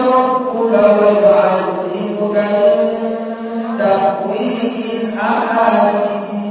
ربك ويعلمك من تأويل الأحاديث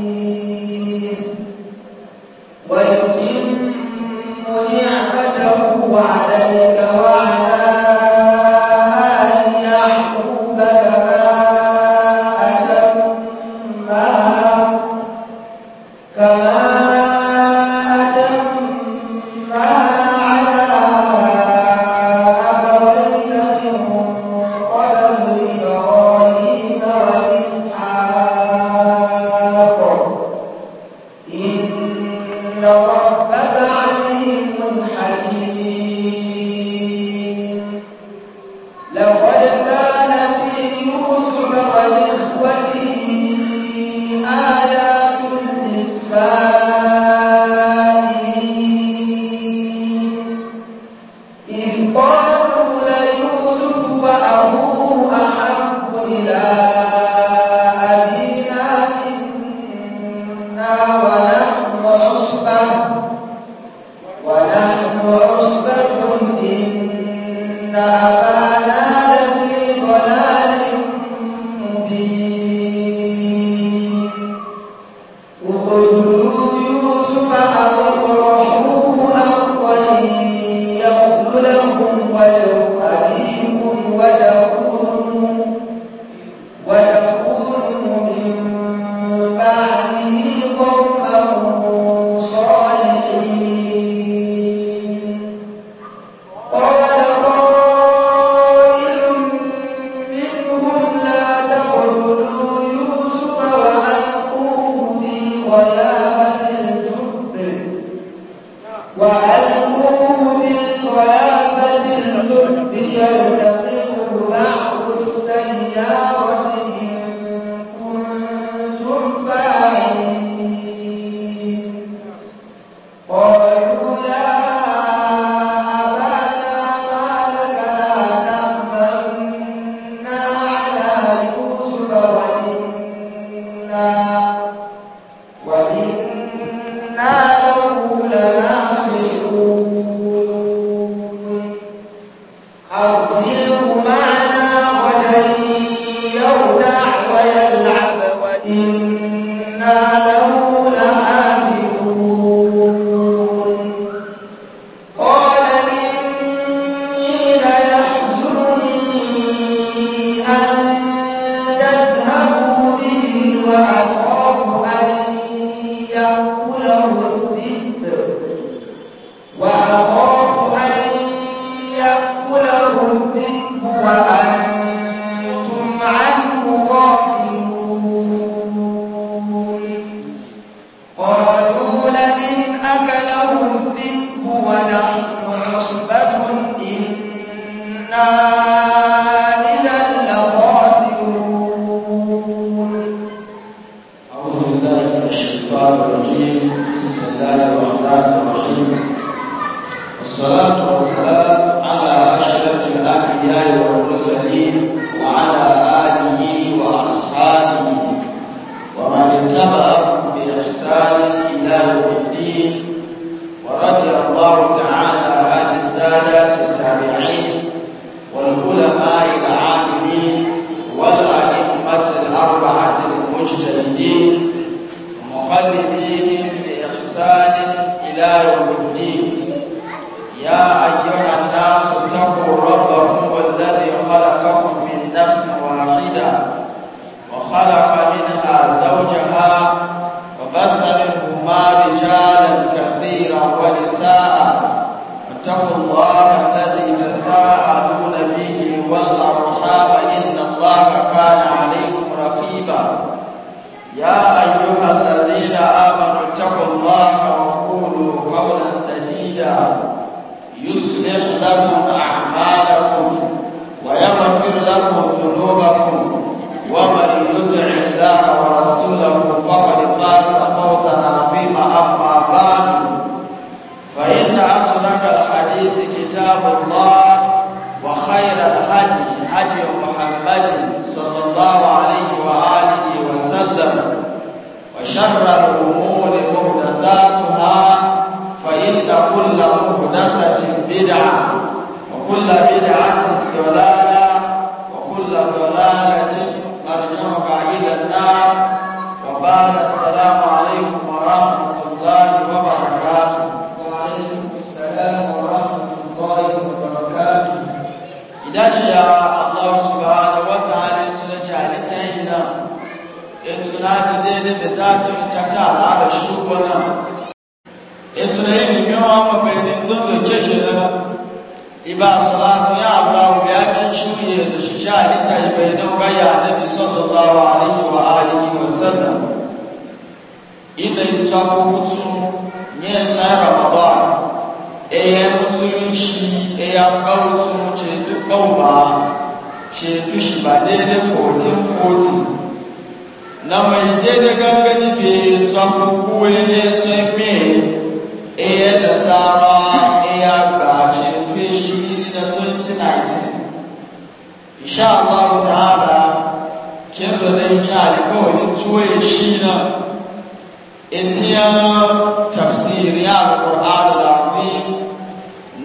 tafsir ya alquran alazim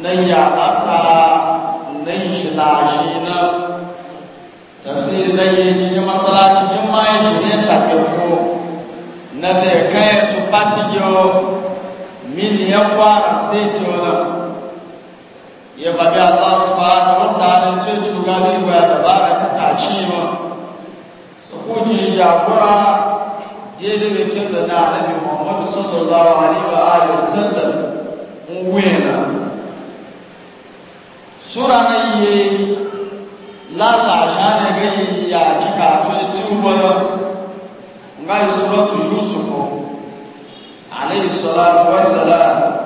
na ya ata na shilashi na tafsir na yi cikin masalaci cikin ma ya shi ne sakako na da kai tupati yo min ya fara sai ciwo ya babi Allah subhanahu wa ta'ala ce shugabin ba da ba da ta ci ma su kuji jagora قبلنا على محمد صلى الله عليه وآله وسلم وينا سورة نية لا تعشان غي يا كافر توبة غاي سورة يوسف عليه الصلاة والسلام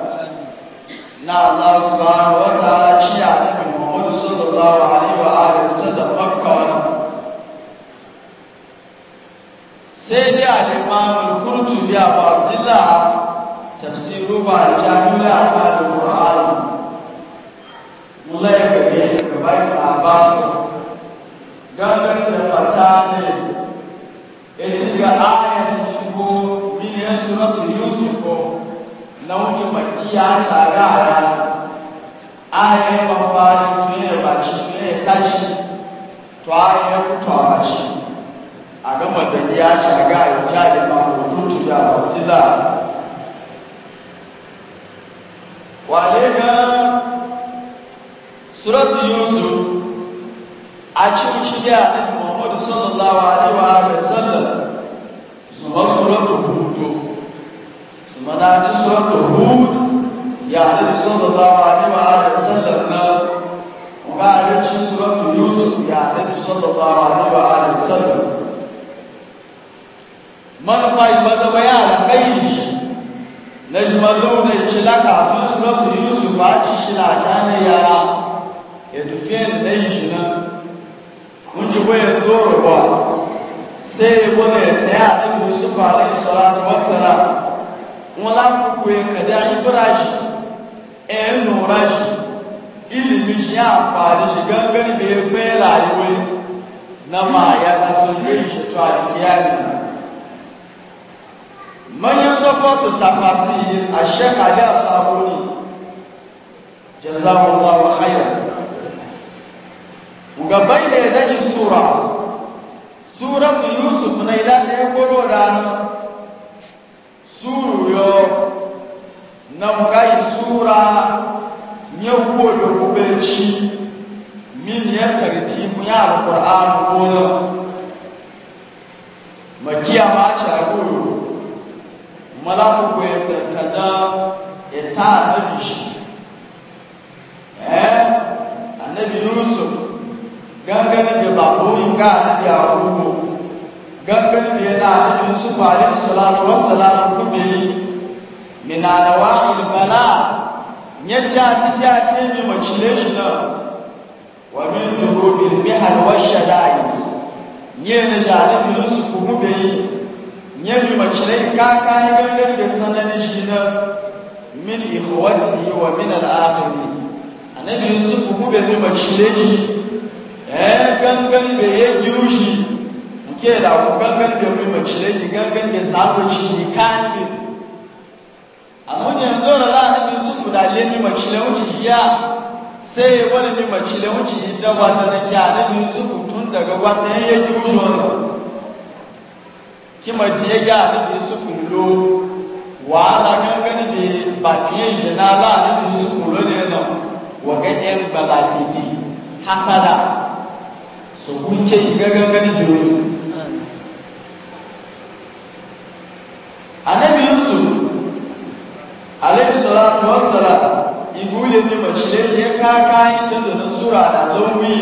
نعم الله سبحانه وتعالى kutuba jamila al-Qur'an mulai kage gabai Abbas gaban da fata ne idan ga ayat shigo min suratul yusuf na wani makiya tsara ya ayat mafari ne ba shi ne tashi to ayat kutawa shi a gama da ya tsara ya ja da ba mutu da mutu suratu yusuf a cikin shiga annabi muhammad sallallahu alaihi wa sallam zuma suratu hud zuma na ci suratu hud ya annabi sallallahu alaihi wa sallam na kuma a cikin suratu yusuf ya annabi sallallahu alaihi wa sallam manufa ibada bayan alkhairi na jimallo da shi laka a fi suratu yusuf ba ci shi na gane yara yadda fiye da na yi shi nan mun ji waya zoro ba sai ya gwada ya tsaya a ɗan musu ba da isara ta wasara wala kuku ya kada ibra shi ɗayan nora shi ilimin shi ya amfani shi gangan da ya bai rayuwa na ma ya kasan zai shi to a kiyani manyan sokoto tafasi a shekali a saboni jazakallahu khairan ga bayyana ya daji sura suran yusuf na ila da ya koro suru suru na mugayi sura ya koro ni min ya karti mu ya alquran koro makiya ma ta koro malaku ko ya kada ya ta da shi eh annabi yusuf gangan da bakoyin ga annabi yakubu gangan da yana annabi yusuf alaihi salatu wassalam kuma min anawa'il bala nyata tita ce mi macile shi na wa min durubil mihal washada'id nye na da annabi yusuf kuma nye mi macile ka ka gangan da tsanani shi na min ikhwati wa min al annabi yusuf kuma mi macile shi Eh, gangan da ya yi shi nke da ku gangan da mai macile ki gangan da zaɓin shi kani amma ne yanzu da za a ɗin su kudale ni macile wuce ya sai wani ni macile wuce da wata na kyana min su tun daga wata ya yi wuce wani kima je ga da su kullo wala gangan da ba ki yin jana za a ɗin su kullo ne nan wa ga ɗan balajiji hasada so kun ke gangan gani jiro anabi yusuf alayhi salatu wassalam igule ni macile ya kaka yin da na sura da lawi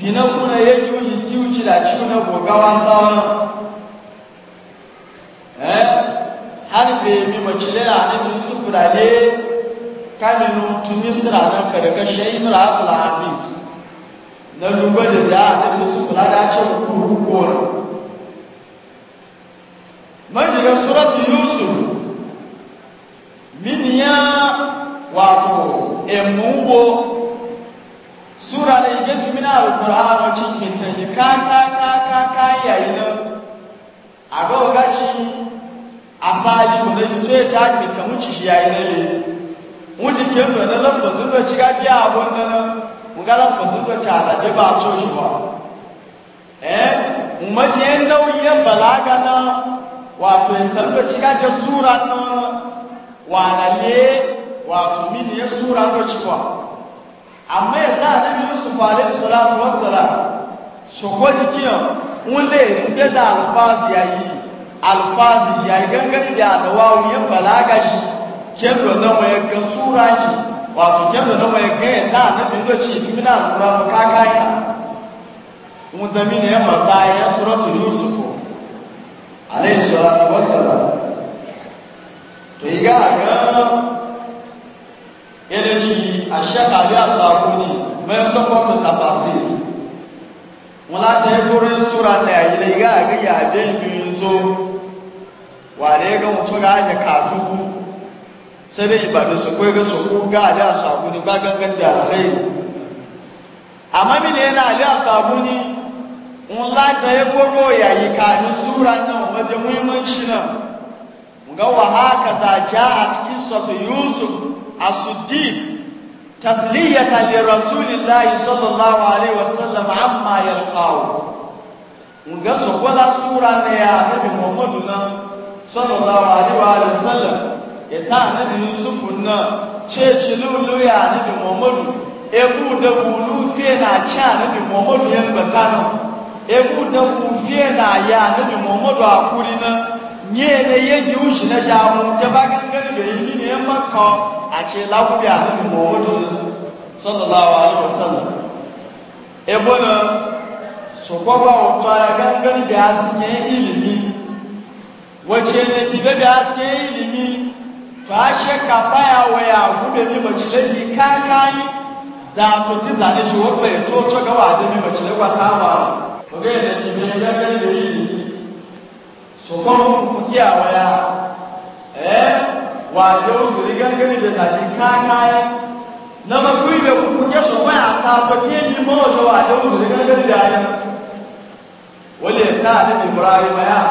bina kuna ya juji tiuci da ciwo na gogawa sawa eh har be mi macile anabi yusuf da ne kaminu tunisra na karkashin imra al-aziz na lura da da da musu kula da ce ku gora mai daga suratu yusuf miniya wato emugo sura da yake tumina alqur'ani cikin ta ne ka ka ka ka ka yayi nan a ga gashi asali mu da ce ta ke kamuci yayi nan ne mu dike mu da zuwa ciga biya wannan ngala fasuto chala de ba to shwa eh umaje nauyi balaga na wato tanto cika da sura no wanale wato min ya sura no chwa amma ya da nabi yusuf alaihi salatu wassalam shoko dikiyo unle be da alfazi yayi alfazi yayi gangan da da wawu ya balaga shi kendo da mai ga sura shi wato kyan da nawa ya gaya na na bindo ci kimi na lura su kakaya mun zami ne ya matsa ya suratul yusuf alayhi salatu wassalam to yi ga ga yana ci a shaka ya sabu ne mai sakwamin tafasi wala ta yi turin sura ta yayi ne ga ga yabe biyu so wa ne ga mutu ga ya katubu sai dai ba da su kai ga su ko ga ali a sabuni ba gangan da alhai amma mini yana ali a sabuni in la da ya koro ya yi kanin sura nan waje muhimmanci nan ga wa haka da ja a cikin sata yusuf a tasliyatan li rasulillahi sallallahu alaihi wasallam amma yalqahu nga sokola sura ne ya nabi muhammadu na sallallahu alaihi wa ìta ànábì yusufu náà ṣéèṣì lóòlóyà ànábì muhammadu ewu dẹkù olúfíẹ náà kí ànábì muhammadu yẹn gbẹta náà ewu dẹkù fíẹ náà yẹ ànábì muhammadu àkúrí náà nyé ne yé ni ó ṣì náà ṣe àwọn jẹba gángan níbẹ̀ yìí nínú ẹ má kan àti láwùjọ ànábì muhammadu sallallahu alaihi wasallam ebo náà sọgbọgbọ ọtọ ya gángan níbẹ̀ àti yẹn ìlìmí wọ́n ṣe ní ba shakka baya waya gube ne macilai kakani da mutu zane shi wanda ya toto ga wada ne macilai ba ta ba to ga yadda ki ne ga ga da yi so ko mu kiya waya eh wada su riga ga da zasi kakani na ba ku da ku ke so waya ta ba ce ji mu da wada su riga ga da ya wale ta da Ibrahim ya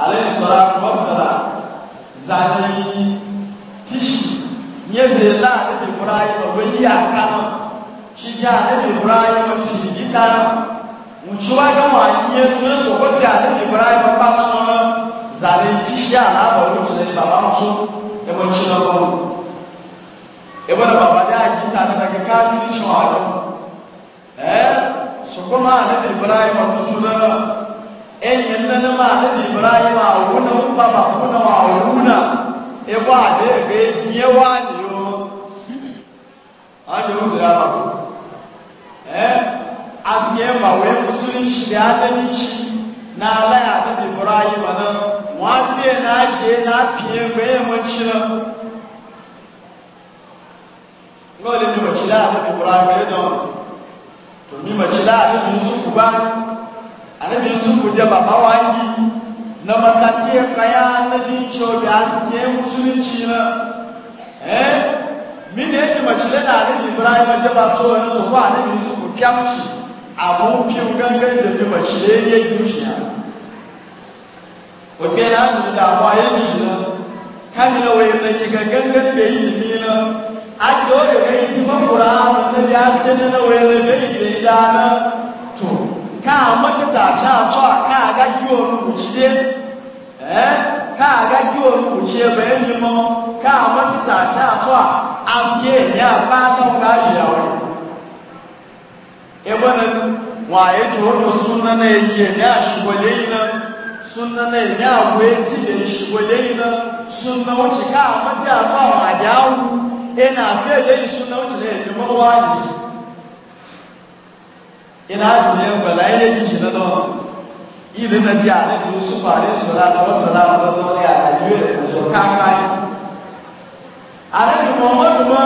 alayhi salatu wassalam zani yadda za a ɗaɗe ibrahim a wani yaka shi ji a ɗaɗe ibrahim a shi gita mutuwa ga wani ya tuye so kwafi a ɗaɗe ibrahim ba su zane ti shi a na ba wani tunani ba ba su yawanci na kwanu ebe da baba da gita na daga kafin shi wa adam eh su kuma a ɗaɗe ibrahim a tutu na ɗan yanzu na ma a ɗaɗe ibrahim a wunan baba kuna a wunan ẹwà àdéhùgbé yẹ wá nìyó àti òun dìrà bàbá ẹ àti ẹ bà wẹ mùsùlùmí ṣìlẹ adẹnìṣì náà láyà àdébì bọrọ ayé wà náà wọn á fi ẹ náà ṣe é náà fi ẹ gbé ẹ wọn ṣí náà wọn lè ní mọ̀ṣílá àdébì bọrọ ayé náà tòmí mọ̀ṣílá àdébì yusufu bá àdébì yusufu jẹ bàbá wa eh, e yìí na matatiye kaya na dincho da asiye musulunci na eh mine yake macile da alin ibrahim ta ba so wani su ba alin su ku kyamci abun fiye gangan da bi macile ya yi mushiya wake na mu da ba ya yi shi na kan na wai zaki ga gangan da yi ni na a dole ga yi ti makura na da asiye na wai zaki da yi da na káà mọ́tẹ́tà àti àtọ́ káàgá yí òun òjìlé káàgá yí òun òjìlé bẹ́ẹ̀ ni mọ́ káà mọ́tẹ́tà àti àtọ́ àti èyí àbá àtọ́wọ́ káàjì àwọn ẹgbẹ́ ni wọ́n àyè tó ó tó súnná náà èyí èyí àṣìwọlé yìí náà súnná náà èyí àwọ̀ etí èyí ṣìwọlé yìí náà súnná ó ti káà mọ́tẹ́ àtọ́ àwọn àdáwù ẹ̀ náà àfẹ́ èyí súnná ó ti náà èyí ina azumi yau bala ya yi shi na nawa ili na ji ale da wasu fari sura da wasu na da nawa ya ajiye da so kaka yi ale da muhammadu ma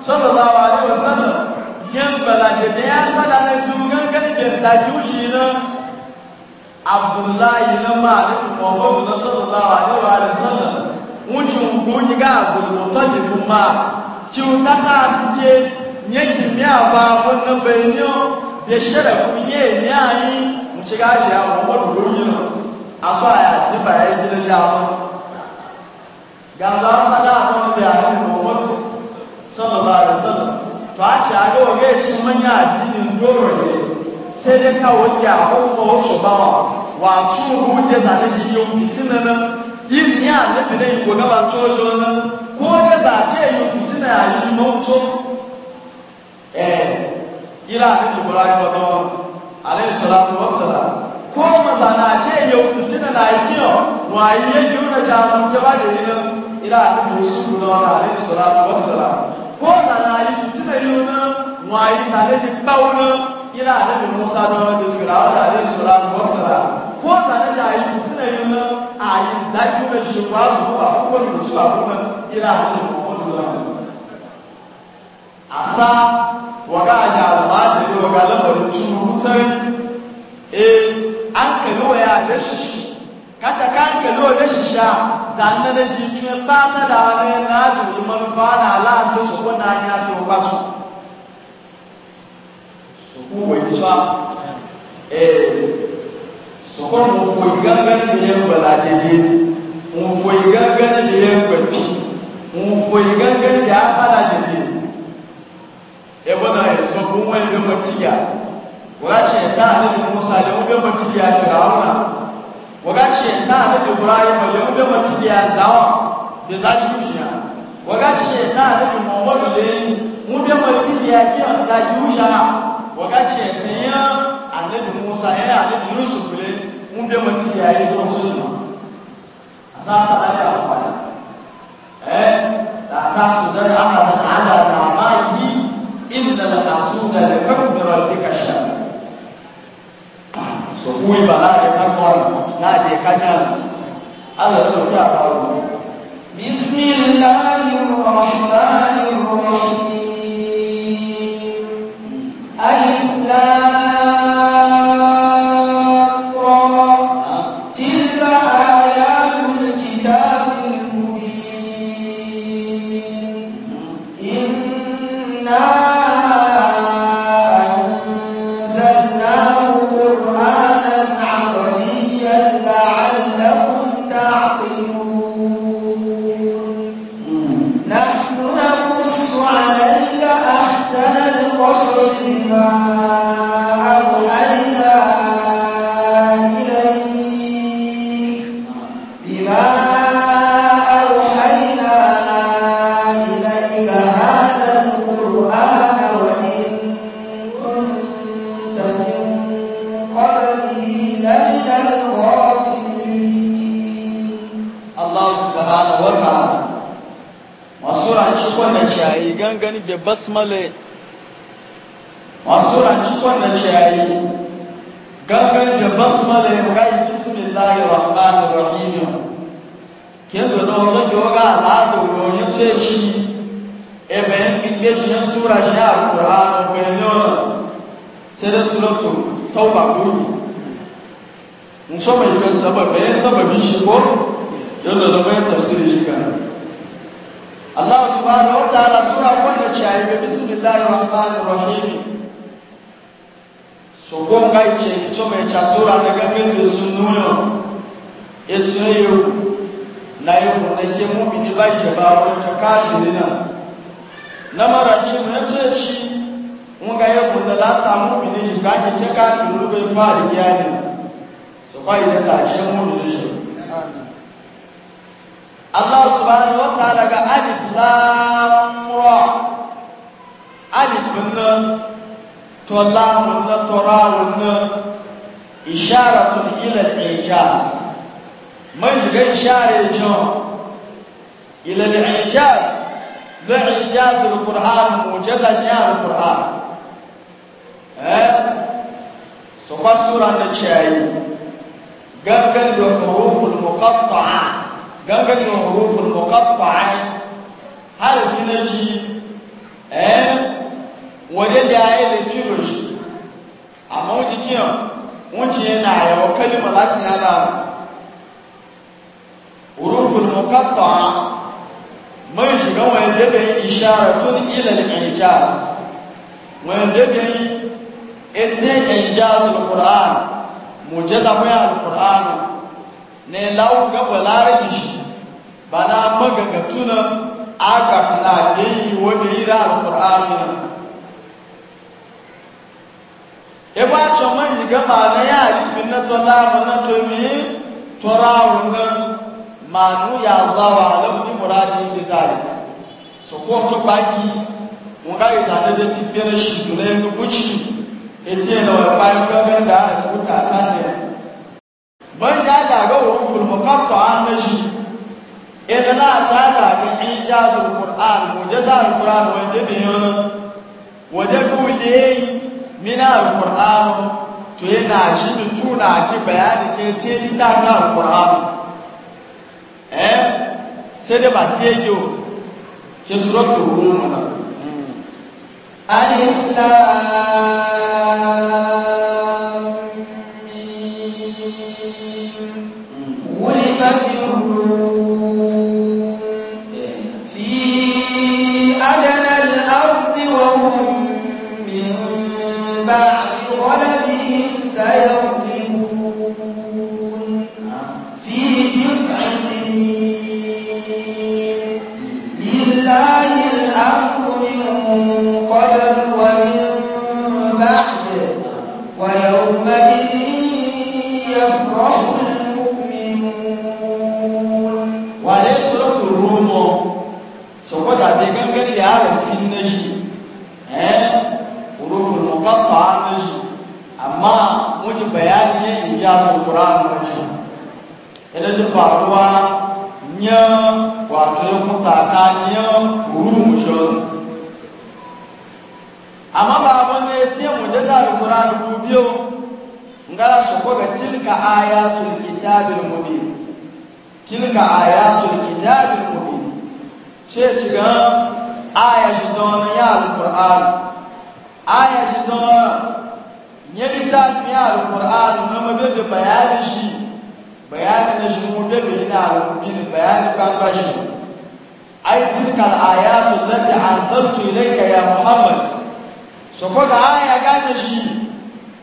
sallallahu alaihi wasallam yan bala da ya sada na tugan ganin da jushi na abdullahi na malik muhammadu na sallallahu alaihi wasallam wucin goyi ga abdulmutalib ma kiwtata suke yankin ya ba wannan bayanin bia hyɛrɛ fo yie ni anyi nkyɛn ahyɛ a wɔn wɔn wɔn yi no afa a yɛate ba yɛ gyina gyina ho gamba asa na afa no bi a ne wɔn wɔn sɔlɔ ba yɛ sɔlɔ to ahyɛ ade wɔn yɛ akyi mo nya ati ne ndoro yɛ sɛde ka wɔn yɛ a wɔn wɔn hyɛ ba wa wɔatwo wɔn gye dza ne yi yɛ wɔn ne no yi ni ne bi ne yi ko ne ba to yɛ no ko gye dza akyɛ yɛ wɔn ti ne ayi no to ila annabi ibrahim don alayhi salatu wassalam ko mazana ce yau tuna na yiyo wai yake na jamu ke ba da ni ila annabi yusuf don alayhi salatu wassalam ko na yi tuna yau na wai tare da bauna ila annabi musa don da firawa da alayhi salatu wassalam ko na yi tuna yau na ayi da kuma shi ba zuwa ko mutuwa kuma ila annabi asa waga aja almajiri waga lamarin curu sai eh an kalo ya da shishi kata kan kalo da shisha zanna da shi cin ba na da ne na ji manufa na ala to su ko na ya to ba su su ku wai sa eh su ko mu ko gangan ne ya bala jeje mu ko gangan ne ya kwafi mu ko gangan ya sala jeje ebona yanzu kun wani bin matiya na ta hannun musa da mu bin matiya fir'auna wagace ta hannun ibrahim da mu bin matiya dawa da zaki kushiya wagace ta hannun muhammadu da yi mu bin matiya kiyan da yusha wagace ta yi annabi musa ya yi annabi yusuf ne mu bin matiya ya yi don suna a sa ta da ya amfani eh da ta su dare ana da ala kunna la tasuna la kabra lika sha so kuwi bala ya kakwa na de kanya Allah ta ta faru bismillahir rahmanir da basmala masu ranci wannan shayi gangan da basmala ya gai bismillahi rahmanir rahim ke da dogon doga al'adu domin ce shi e bayan ginde shi na sura shi a ƙura'an bayanin sai da suratun tauba kuri in so mai kan sabab bayan sababin shi ko yadda da bayan tafsiri shi kan Allah subhanahu wa ta'ala sura ko shayi ga bismillahi rahmanir rahim so gon ga ce to mai cha sura da ga min da sunnuno yace yau na yau mun da ke mu bi ba ke ba wani ta kashi ne nan na marahim na ce shi mun ga yau mun da la samu bi ne shi ga ke ce kashi rubai fa da kiyani so bai da tashin mu ne shi Allah subhanahu wa ta'ala ga alif lam wannan tola wannan tora wannan isharatun ila al-ijaz man ga ishare jon ila al-ijaz la ijaz al-qur'an mujaza shi'ar al-qur'an eh so ba sura da ciyayi gangan da huruful muqatta'a gangan da huruful muqatta'a harfi na shi eh wadda da ya yi filo shi amma wajen kiyan wajen yana yawa kalimar latin yana rufin mukatta mai shiga wanda da yi isharatun ilal ijaz wanda da yi ete ijaz al-qur'an mujalla mai al-qur'an ne lawo ga balarin shi bana magagatuna aka na dai wanda yi da al-qur'an eba cho man jiga ma na ya alifin na to la mu na to mi to ra mu na ma nu ya Allah wa alam ni muradi bi dalik so ko to ba ki ga ita da da bi shi to ne ku kuci na wa ba ko ga da ku ta ne ban ja da ga wa ful an na shi idan na ta da ga ijazul qur'an mujaza qur'an wa da bi wajen mina alƙur'anu to yana shi da tuna ki bayani ke te ni ta na alƙur'anu eh sai da ba te yo ke suratul rum na alif lam kwata dai gangan da harafin na shi eh hurufin muqatta na shi amma muji bayani ne in ja alquran na shi idan da faruwa nya wato mutaka nya hurufin shi amma ba abin da ya ce mu da alquran ku biyo ngara su ko ga tilka ayatul kitabil mubin tilka ayatul kitabil mubin ce ci gan aya shi don ya alquran aya shi don ne littafi ya alquran na mabe da bayanin shi bayanin da shi mu da bin na alquran bayanin kan ba shi ai tilka alayatu allati anzaltu ilayka ya muhammad so ko da aya gane shi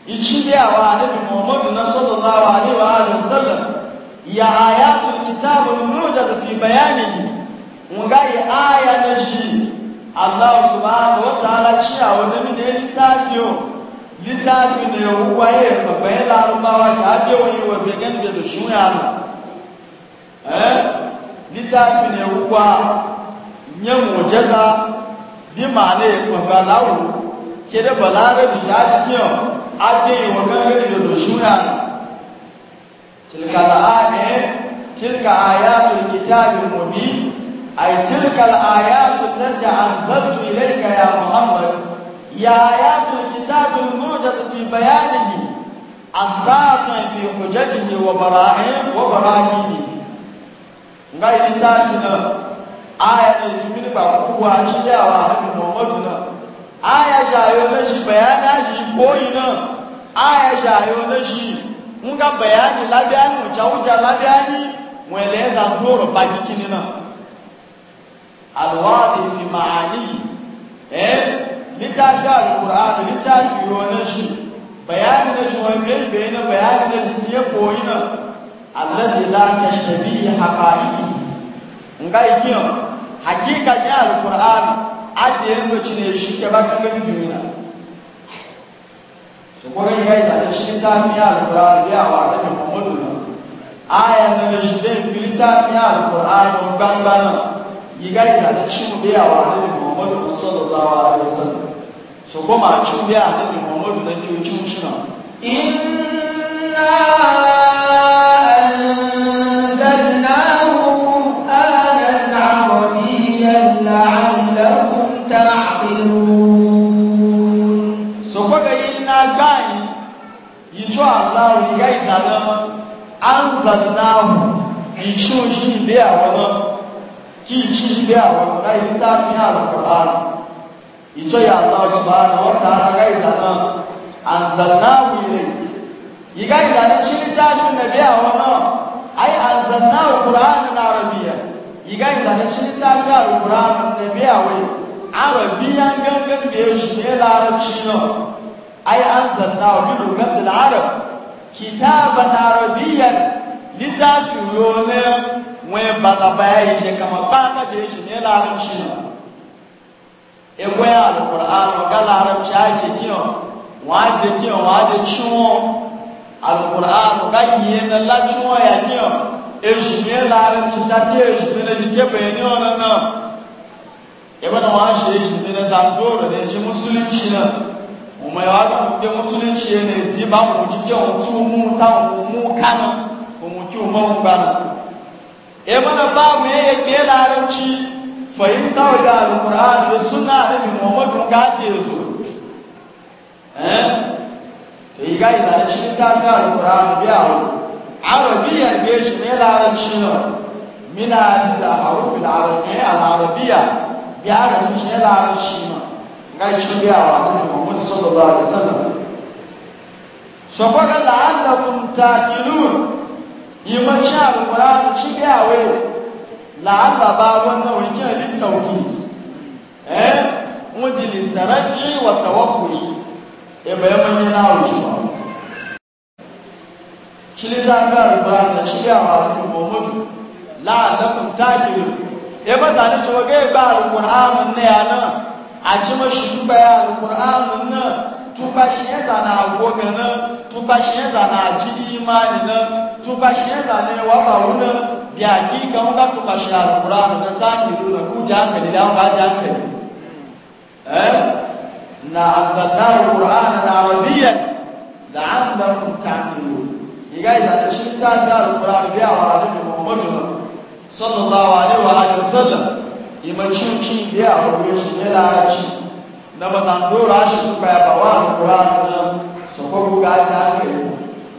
ichi da wa nabi muhammad na sallallahu alaihi wa alihi ya ayatul kitab al fi bayanihi nga yi aya na shi Allah subhanahu wa ta'ala ci eh? a wani ne littafi littafi da ya huwa ya babba ya larubawa ta je wani wa began da da shuya eh littafi ne huwa nye mujaza bi ma'ana ya babba lawo ke da balarabi ya ji kiyo a je wa began da da tilka da aya tilka ayatul kitabil mubin أي تلك الآيات التي أنزلت إليك يا محمد يا آيات الكتاب الموجزة في بيانه الساطع في حجته وبراهين وبراهينه غير ذاتنا آية الجميل بقوة أشياء وأهل محمدنا آية جايونا شي بيانا شي بوينا آية جايونا شي nga bayani labiani ucha ucha labiani mweleza ndoro pakikini na alwazi fi ma'ani eh littafi al-qur'an littafi wannan shi bayani na shi wani bai bayanin bayani na shi ya koyi nan allazi la tashtabi haqa'iqi ngai kiyo hakika shi al-qur'an aje yanzu cine shi ke ba kan gani juna su kuma ya yi da shi ta fi al-qur'an ya wa da Muhammadu ayan na shi da fi ta fi al-qur'an yiga ina ta cumbiya wa annabi muhammadu sallallahu alaihi wasallam so goma cumbiya annabi muhammadu na ke cumshina inna Allah ya isa nan an zanna mu, in shi shi biya wa nan kí n ṣí gbé àwọn ọ̀gá yìí tá a fi hàn lọ́kọ̀ọ́lá ìjọyà àtàwọn ṣùgbọ́n àwọn ọ̀tá ara ìdáná anzalnahu ilayk nabi a wannan ai anzalnahu qur'anan arabiyya yiga idan shi littafin nabi a wai arabiyan gangan da ya shi ne larabci no ai anzalnahu bi lugati al wọn bàtà báyà yìí kama bàtà bẹ́ẹ̀ ṣe ní ẹ̀ láàrin ṣì nà ẹgbẹ́ àlùkòrò àrùn ọ̀gá láàrin ṣe àjẹ kí ọ̀ wọ́n á jẹ kí ọ̀ wọ́n á jẹ tí wọ́n àlùkòrò àrùn ọ̀gá yìí ẹ̀ nà lá tí wọ́n yà kí ọ̀ èṣù ní ẹ̀ láàrin ṣe dákẹ́ èṣù ní ẹ̀ ṣe kébè ní ọ̀nà náà ẹgbẹ́ ọmọ ẹ̀ wá gbé mùsùlùmí ẹ̀ ní ẹ̀ dì bá wọn òjijì ọ̀hún tí wọ́n mú táwọn mú kánà òun tí wọ́n mọ̀ mana ba me ya ke larabci fahimta da alkur'an da suna da bi muhammadu ga ke su eh a yi ga ila shi ta ga alkur'an A arabiya ne shi ne larabci ne mina da harufin arabiya al-arabiya biya da shi ne larabci ne ga shi biya wa annabi Só sallallahu alaihi wasallam so fa de taqilun yi mace alkurani ci gawe la'azaba wannan wajen littauki eh wani littaraki wa tawakuli e bayan manyan hawa shi ba shi ne za ga alkurani da shi gawa da muhammadu la'adafin takiru e ba ta ni tuwa ga ba alkurani tubashiyenza na agwoga na tubashiyenza na ajidi imani na tubashiyenza ne wabawu na biyaki kan ka tubashi alquran na zakiru na ku jankali da ba jankali eh na anzalna alquran na arabiyya da annakum ta'qilu igai da shi ta da alquran biya wa annabi muhammadu sallallahu alaihi wa alihi wasallam imanci biya wa shi ne lalaci na ba zan dora shi su kaya ba wa alƙura nan su kwago ga ta ke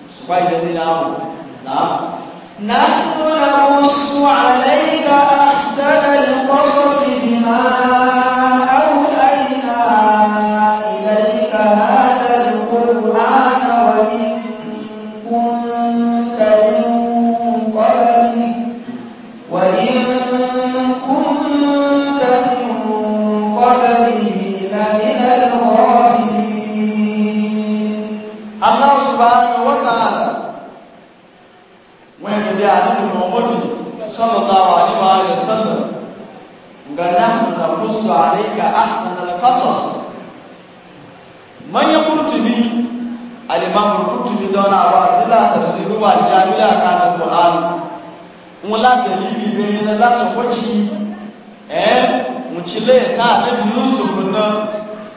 su kwa idan ni namu na نحن نقص عليك أحسن القصص sallallahu alaihi wa sallam ga nahnu naqussu alayka ahsana al-qasas man yaqurtubi al-imam al-qurtubi dona wa zila tafsiru wa jamila kana al-qur'an wala dalili be na la so kwaci eh mu ci le ta da yusuf na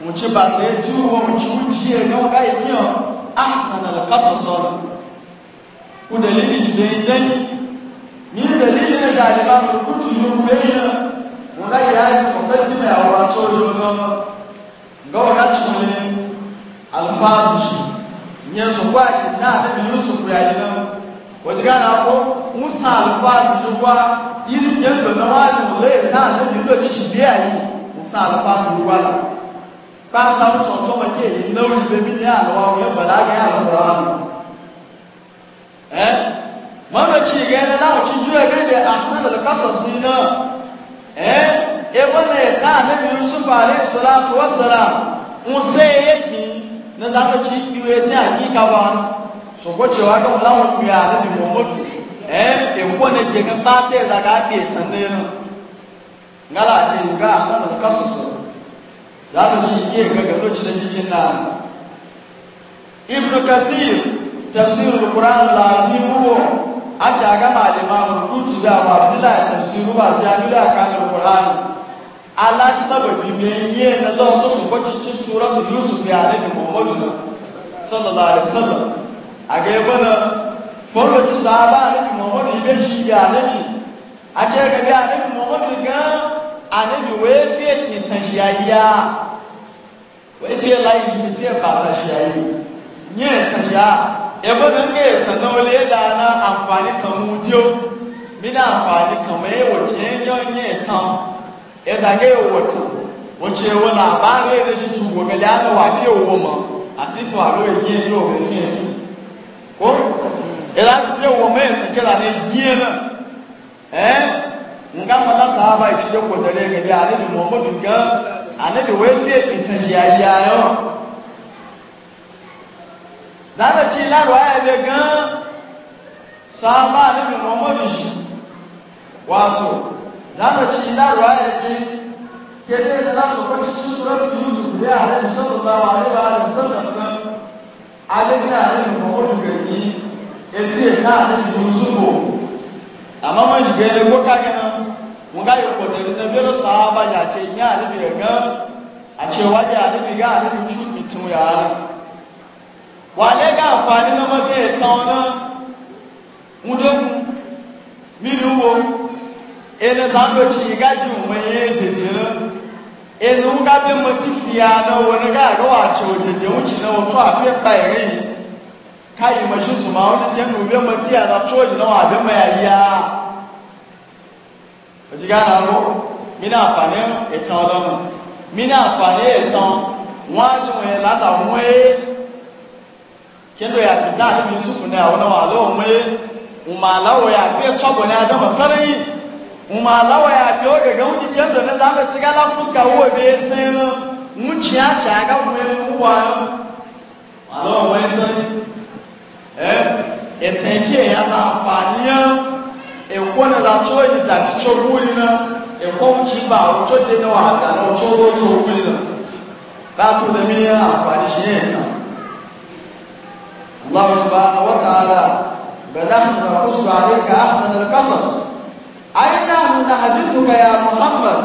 mu ci ba sai tuwo mu ci wuciye na ga yi ahsana al-qasas ku dalili ji dai dai ni dalilin da ɗaliban rubutu ne bayyana wanda ya yi kwakwanci mai aurato yonon ga wakacin wani alfasu yin su kwa kita da biyu su kuya yi nan wajen gana ko musa alfasu su kwa irin yadda na wajen laye ta da biyu da ciki biya yi musa alfasu su kwa la ba ta mutum to make yi nauyi da mini alawa wuyan balaga ya alawa eh mana ci eh, gane na ci juya ne da ahsan al-qasas na eh e bane da nabi yusuf alayhi salatu wassalam musa yake na zama ci iwe ta hakika ba so ko cewa ga Allah ku ya nabi muhammad eh e ko ne je ga ba ta da ga ke sanne na ngala ce ga ahsan al-qasas za mu ci ke ga ga lokacin da jin na ibnu kathir tafsir al-quran al-azim a ci a alimamu kuci da wa zila ya tafsi ruba jami'u da kanin qur'ani ala sababi me yi na lawa to su kwaci ci suratul yusuf ya nabi muhammadu sallallahu alaihi wasallam a ga yabana fọlọ ci sahaba nabi muhammadu ibe shi ya nabi a ce ga bi nabi muhammadu ga anabi wee fiye ni tashiyayiya wee fiye layi shi fiye ba tashiyayi nye tashiya ebe na nga sanna wale da amfani kan mu mina amfani kan mai wace yon ye tan e da ga wato wace da shi tu gobe ya na wafi wo ma e lo shi ko da e da ne na eh ma na sahaba ki je ga muhammadu ga zaba ci laro aya da gan sahaba ne da muhammadu shi wato zaba ci laro aya da ke ne da za su kwanci cikin suratu yusuf da ya hada da sallallahu alaihi wa alihi sallam kan alin ya hada da muhammadu gani eti ya ka hada da yusuf amma man ji gani ko ka gana mun ga yau kodari na biyar sahaba ya ce ya hada da gan a ce wajen hada da ya wàlẹ́ àǹfààní lọ́mọ́ ẹ̀tàn ọ̀nà ń dókun nínú wo ẹni sáńdọ̀chì ìgájì òmìnir ètètè lọ ẹni ń gábé mọ tí fi àná wọn ní káàkó àti òtètè ń jìnà wọn tó àfẹ́ pa ẹ̀rí yìí káyìí mọ̀ sí sùnmọ́ àwọn oníjẹ́ ní òbí ọmọ tí àná tó jìnà wọn àbẹ́ mọ̀ ẹ̀yà òjìgá náà lọ mí ní àǹfààní ẹ̀tàn ọlọ́run mí ní àǹfààní ẹ̀tàn wọ́n á jùmọ̀ ẹ̀ látàwọn ẹ̀ kendo ya fita annabi yusuf ne a wani walawa mai umalawa ya fi tsogo ne adama sarai umalawa ya fi oge ga wuki kendo na zama ci gala fuska wo be tsin muciya ci a ga kuma yin uwa walawa mai sani eh eteke ya za amfani ya ekwo na za to yi da ci choguli na ekwo ki ba o to de na wa da na o to go na ba to da mi ya amfani shi ne ta الله سبحانه وتعالى بنحن نقص عليك أحسن القصص أين نحدثك يا محمد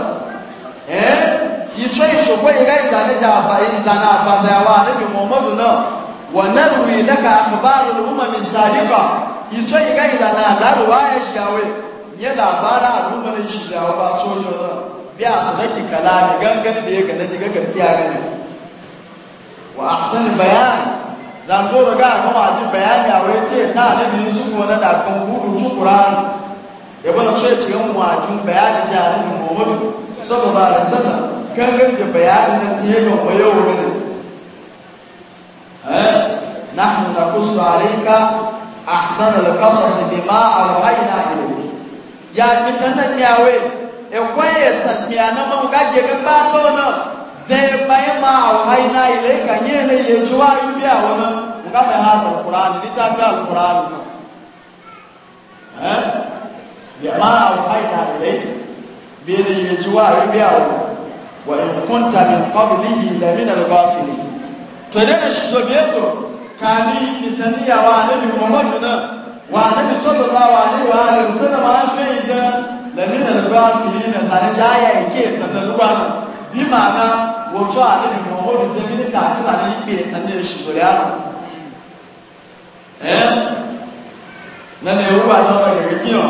إيه يتشيش وقوي غير ذلك فإن لنا فتاوى نبي محمد ونروي لك أخبار الأمم السابقة يتشيش غير لنا لا رواية شاوي يلا بارا الأمم الشاوي باتشوجنا بأسرك كلامي غنغن بيك نتيجة كسيا غنغن وأحسن البيان zando da ga kuma a ji bayani a wurin ce ta alibi su kuma na dakon gudu su kuranu ya bana so ya cikin wajin bayani ji alibi muhammadu sallallahu alaihi wasallam kan da bayani na tiye ga koyo wurin eh nahnu naqussu alayka ahsana al-qasas bima na ilayk ya mitanna yawe e koyeta piano mo gaje ga ba to na thereby ma auhaina ilaika nyene yejuwa yubi awona ukama hadha alquran litabi alquran eh ma auhaina ilaika bene yejuwa yubi awona wa in kunta min qablihi la min alghafilin to dena shizo bezo kani nitania wa nabi muhammad na wa nabi sallallahu alaihi wa alihi wasallam an shaida la min alghafilin sanin jaya yake sanin ruwa bi ma'ana wato a nan muhammadu ta mini ta tana ne ibe ta ne shi gure ana eh na ne ruwa na ba daga kiyo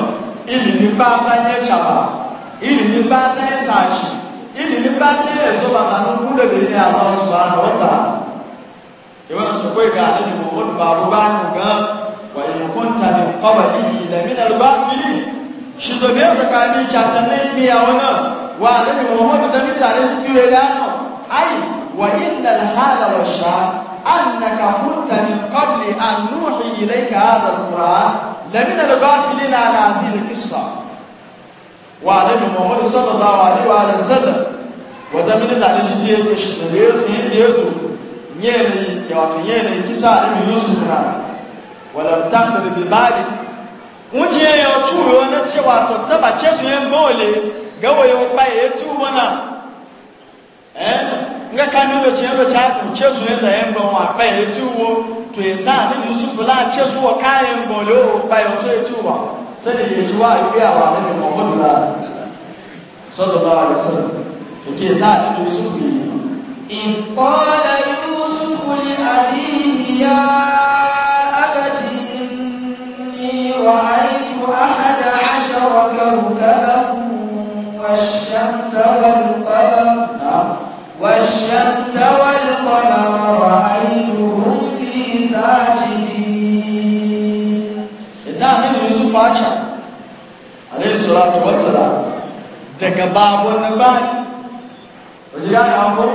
ilimin ba ta ne chaba ilimin ba ta ne tashi ilimin ba ta ne zo ba ta nan kula da ne Allah subhanahu wa ta'ala yawan su kai ga nan muhammadu ba ru ba ne ga wa in kunta min qablihi la min al-ba'ili shi wa annabi muhammad da mutane su biyo da haka ai wa inna al-hala wa sha annaka kunta min qabli an nuhi ilayka hadha al-qur'an lamina al-ghafilin ala hadhihi al-qissa wa annabi muhammad sallallahu alaihi wa sallam wa da mutane su je ke shirye ne yato nyene ya wato nyene kisa annabi yusuf na wala taqdir bi ba'd Wọ́n jẹ́ ọtún ìwọ́n náà ṣe wà tọ̀ tábà chẹ́sùn yẹn gbọ́n lè gawayin kwaye ya ci mana eh? nga ka nuna ce yadda ta kuce su ya zayen ban wa kwaye ya ci wo to ya ta ni yusuf la ce su wa kayan bolo kwaye to ya ci wa sai ya ji wa biya wa ne muhammadu la sallallahu alaihi wasallam to ke ta ni yusuf ne in qala yusuf li abihi ya abati inni ولو رأيتهم لي ساجدين إذا من يوسف عشر عليه الصلاة والسلام daga babon na bani wajen ya da hango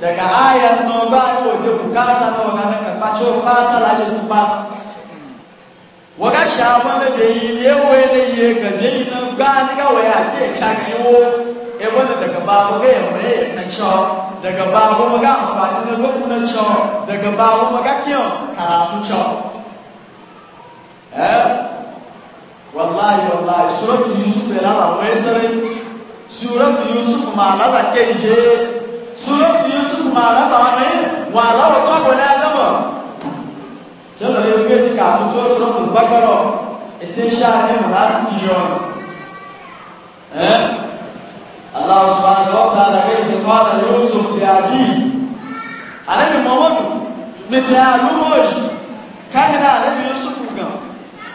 daga ayar na bani wajen bukata na wani na karfa ce wani bata lashe tuba waga shaman da bai yi yawon yanayi ga ne na bani ga waya ke cakiwo e wanda daga ba mu ga yamma ya na cewa daga ba mu ga amfani na gudu na cewa daga ba mu ga kiyon karatu cewa eh wallahi wallahi suratu yusuf ya lala wai sarai suratu yusuf ma lala ke suratu yusuf ma lala mai wa lala ta gona gama jalla ne ke ji ka mu to suratu bakara ite sha ne mu la eh Allah subhanahu wa ta'ala kai ta fara Yusuf bi abi Annabi Muhammad ne ta alumoi kan da Annabi Yusuf ga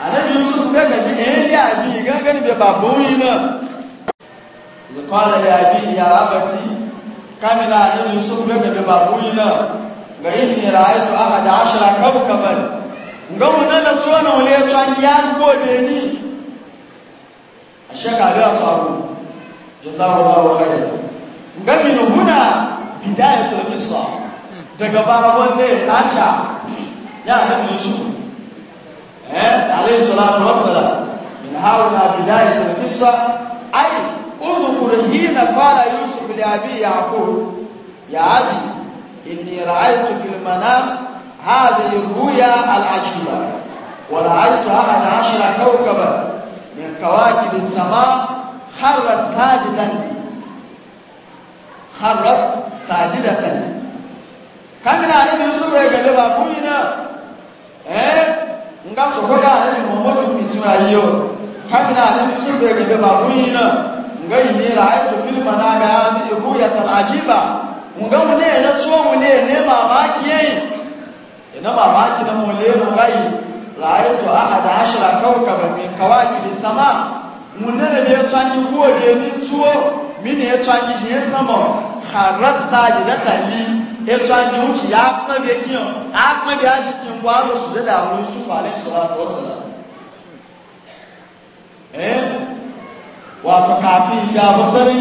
Annabi Yusuf ga da bi eh ya bi gangan da baboyi na Qala li abi ya abati kan da Annabi Yusuf ga da baboyi na ga inni ra'aytu ahad ashara kawkaban ngawna la tsona wale ya tsani ya gode ni ashaka da faru جزاه الله خيرا قبل هنا بداية القصة تكبر والليل أنشا يا نبي يوسف عليه الصلاة والسلام من هنا بداية القصة أي اذكر حين قال يوسف لأبي يعقوب يا أبي إني رأيت في المنام هذه الرؤيا العجيبة ورأيت أحد عشر كوكبا من كواكب السماء harrat sajidan harrat sajidatan kamina anabi yusuf ya gale ba kumina eh nga sokoda anabi muhammadu mitima yiyo kamina anabi yusuf ya gale ba kumina nga yine ra'aytu fil manami hadhihi ru'yatan ajiba nga mune na so mune ne mamaki yayi ina mamaki na mule mu gai ra'aytu ahad ashara kawkaban min kawakib sama' munene bi etwanyi wuo di eni ntuo mini etwanyi yie samɔ harat saayi data li etwanyi wukyi ya akpɛ bi ekiyo akpɛ bi akyi ti mbɔ alo sudɛ da awo nsu fa ale nsɔrɔ ato ɔsɛlɛ ɛɛ eh? wafɔ kaafi nfi abosɛri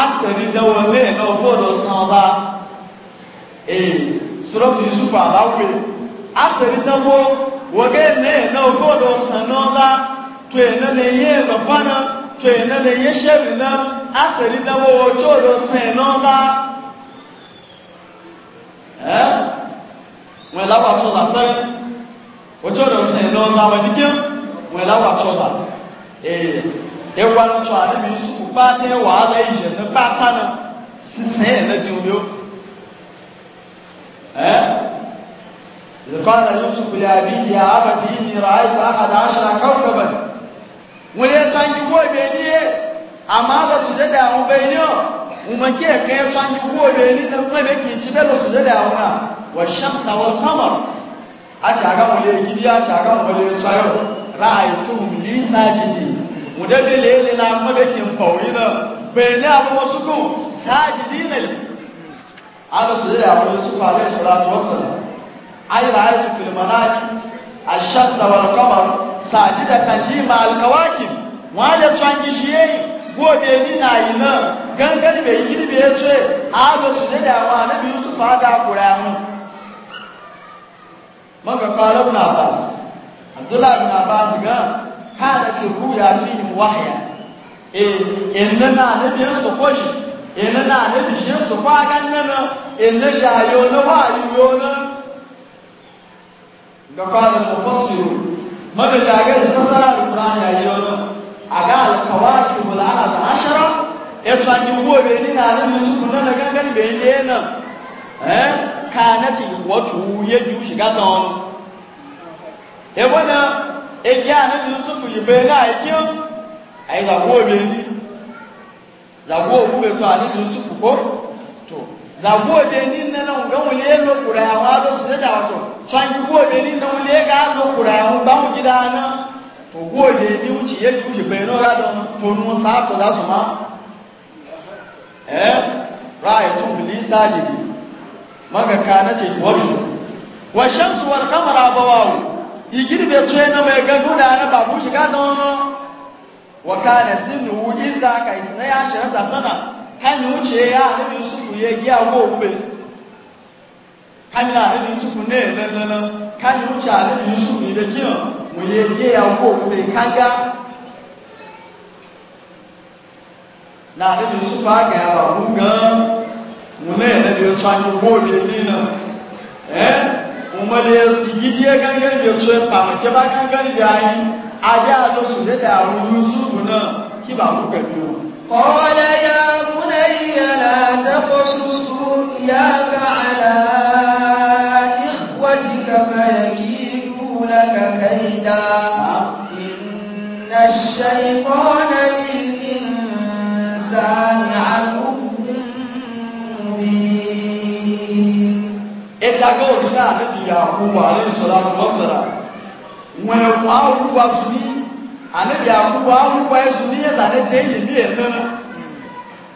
asɛri dɛ wɔ mee na ofo do san ba ee eh, sɔrɔ fi nsu fa ala wuli asɛri dɛ wo wɔge mee na ofo do san na ɔba to yana da yi babana to yana da yi shari na asali na wawo coro sai na ba eh wọn lawa cọla sẹrin o coro sai na ọza wọn dikin wọn lawa cọla eh ewa n cọ anabi yusufu ba ne wahala ije ne ba ta na sisan yana di omi o eh إذ قال يوسف لأبيه يا أبت إني رأيت أحد عشر كوكبا wọn yẹ sanjiwo bẹ ni yẹ àmà lọ sùdẹ dà àwọn bẹ yẹ wọn mọ kí ẹkẹ sanjiwo bẹ ni náà wọn bẹ kì í ti bẹ lọ sùdẹ dà àwọn náà wọn ṣàmùsà wọn kọmọ aṣàgà wọn lè yí bí aṣàgà wọn lè tọyọ ráàyè tó wù ní sáàjìdì wọn dẹ bẹ lè lè náà wọn bẹ kì í pọ̀ yìí náà bẹ ní àwọn wọn sùkú sáàjìdì nìlẹ àlọ sùdẹ dà àwọn yusuf alẹ sọlá tó wọ sọlá ayé sajida kan lima alkawakin wanda can gishiye gobe ni na yi nan gangan bai yi bai ce a ga su da dawa na biyu su fada kuramu maka kwallo ibn abbas abdullah ibn abbas ga kana tuku ya fi wahya eh inna na na biyu su koshi inna na na biyu su kwagan nan inna shayo na wayo na ga kwallo mufassiru maka jagar da fasara alquran ya yi wani aga alkawaki wala al'ashara ya tsanyi gobe ni na nan musu kuna na gangan bai ne nan eh kanati watu ya ju shiga don e wana e ya nan musu yi bai na yi ai ga gobe ni ga gobe zagode ni nana nga wuli ye lo kura ya wa lo sise da wato sanji gode ni na wuli ye ka lo kura ya ba mu gida na to gode ni ye wuci pe no ra don to sa to da suma eh right to ni sajidi maga ka na ce wato wa shamsu wal qamara bawawu igirbe to na mai ga guda na babu shiga don wa kana sinu idza ka na ya shirata sana kani wuce ya anabi yusufu ya giya gobe kani anabi yusufu ne lalalan kani wuce anabi yusufu da kiyan mu ya giya gobe kaga na anabi a aka yaba mu gan mu ne anabi yusufu aka gobe nina eh umade igidi ya gangan da yusufu ba ke ba gangan da yi a da su da da yusufu nan ki ba mu gabi o. Kọ́lá yá mú بني لا تقصصوا رؤياك على إخوتك فيكيدوا لك كيدا إن الشيطان للإنسان عدو مبين إذا قوزنا نبي يعقوب عليه الصلاة والسلام wọn awuwa fi anabi awuwa awuwa esu ni yẹn ta ne tẹ yi ni yẹn nana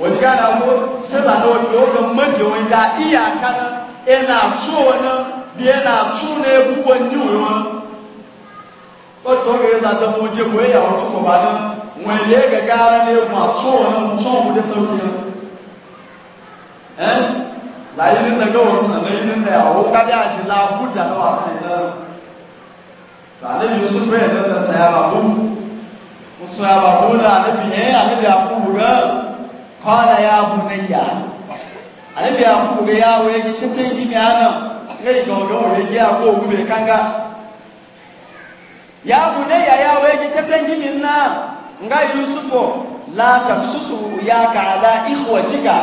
wani gana ko sila na wani yoga mage wani da iyaka na yana co wani biya na co na ya buwa ni wani wato ga ya zata mu je ko ya wato ko ba nan wani ya ga gara ne ma co wani mu mu da sauki na eh zai ne daga wasu na yin ni ya ho ka da shi la buda na wasu ne na zai yusuf bai da saya ba mu musu ya ba mu da annabi eh annabi ya ku ga kọ́lá ya bunayya anabi yakubu ga yawo yake cece gimi ana ngari ga ga wore ya ko gube kanga ya bunayya yawo yake cece gimi na nga yusufu la taksusu ya ka ala ikhwatika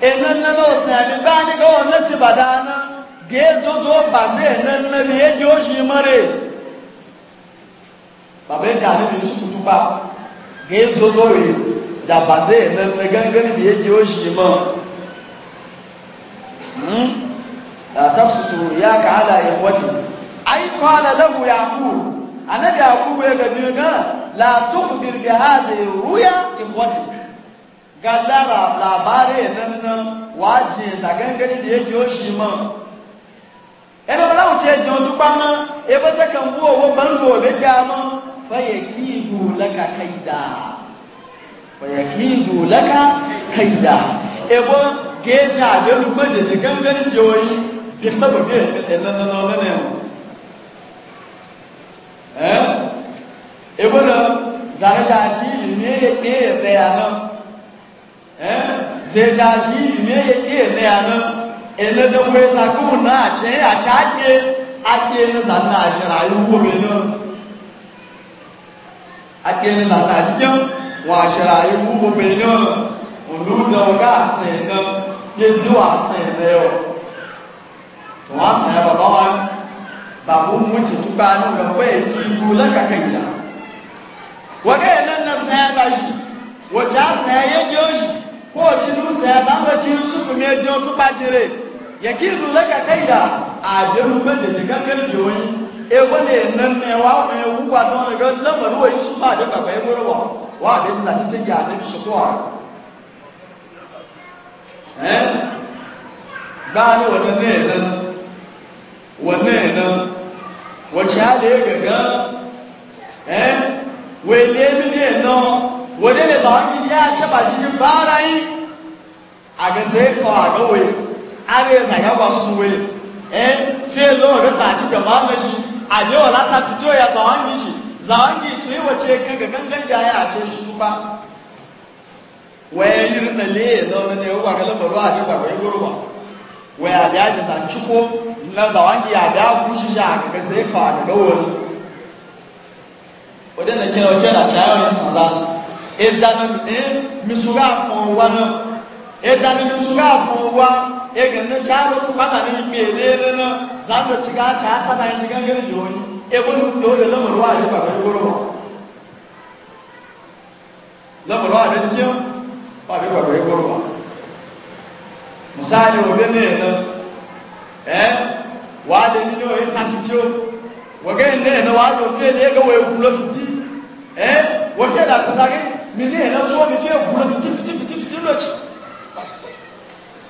enan na lo sami ba ni ga wannan ci badana ge jojo ba se nan na bi e jo shi mare babe jani yusufu tuba ge jojo re da ba zai nan na gangan da yake yau shi ma da tafsiru ya ka ala yin wata ai kwana lahu ya ku annabi ya ku ya ga biyu ga la tukhbir bi hadhihi ruya in wata ga labare nan nan waje sa gangan da yake yau shi ma ẹni wọn láwọn tiẹ jẹun tó pamọ ebi tẹ kàn wú owó bẹ́ẹ̀ ń lò lẹ́gbẹ̀ẹ́ mọ́ fẹ́yẹ̀ kí ibù lẹ́ka kẹ́yìdá. ويكيد لك كيدا ebo geji abelu gbeje je gangarin joyi bi sababi elalalalalana yau eh ebo na zane shaji ne ya ɗaya ɗaya nan eh zai shaji ne ya ɗaya ɗaya nan eladon wai zanna a shirayen gobe akele na na adidzɛ wɔn ahyɛra ewu bobe ne o ne wo ka asɛ ne yezi wo asɛ ne o wɔn asɛ baba wa babu mu tutu ba ne wo kɔ ebi ibu lɛ kaka yi la wɔn ke ne ne sɛ ba yi wɔn kya sɛ ye dze o yi kó o ti nu sɛ ba ŋa ti suku mi dze o tukpa tere yɛ ki ibu lɛ kaka yi la adiɛ nu bɛ dede kaka yi o yi ewu ne nan ne wa ne wu wa don ne ga lamar wa shi ba da baba ya mura wa wa da ta ci ci ya da bi shi kwa eh ba ne wa ne nan wa ne nan wa cha da ga ga eh we le mi ne no wa da le ba ki ya sha ba shi ba rai a ga sai ko a ga we a ne sa ga ba su we eh fe lo ga ta ci jama'a shi a ne wala ta fito ya zawangi shi zawon to yi wace kan ga gangan da ya ce shi su ba waya yi rinna le ya zaune ne ya kwakwale baro a jikwa bai gurwa waya da ya ce sa ciko na zawangi ya da kushi shi a kaga sai ka da daga wani wadanda kira wace da cayawar sanza idan ne misuga eh, kan wani edanini suga fowa egenne charo tukana ni pelele na zando chiga cha hasa na chiga ngere joni ebonu dole lo moro aje ba ko ro lo moro aje ti yo ba ko ba ko ro misali o bene na eh wa de ni no e ta ti yo wo ge ne na wa do fe le ga we ku lo ti eh wo fe da sa ga mi ne na so mi fe ku lo ti ti ti ti lo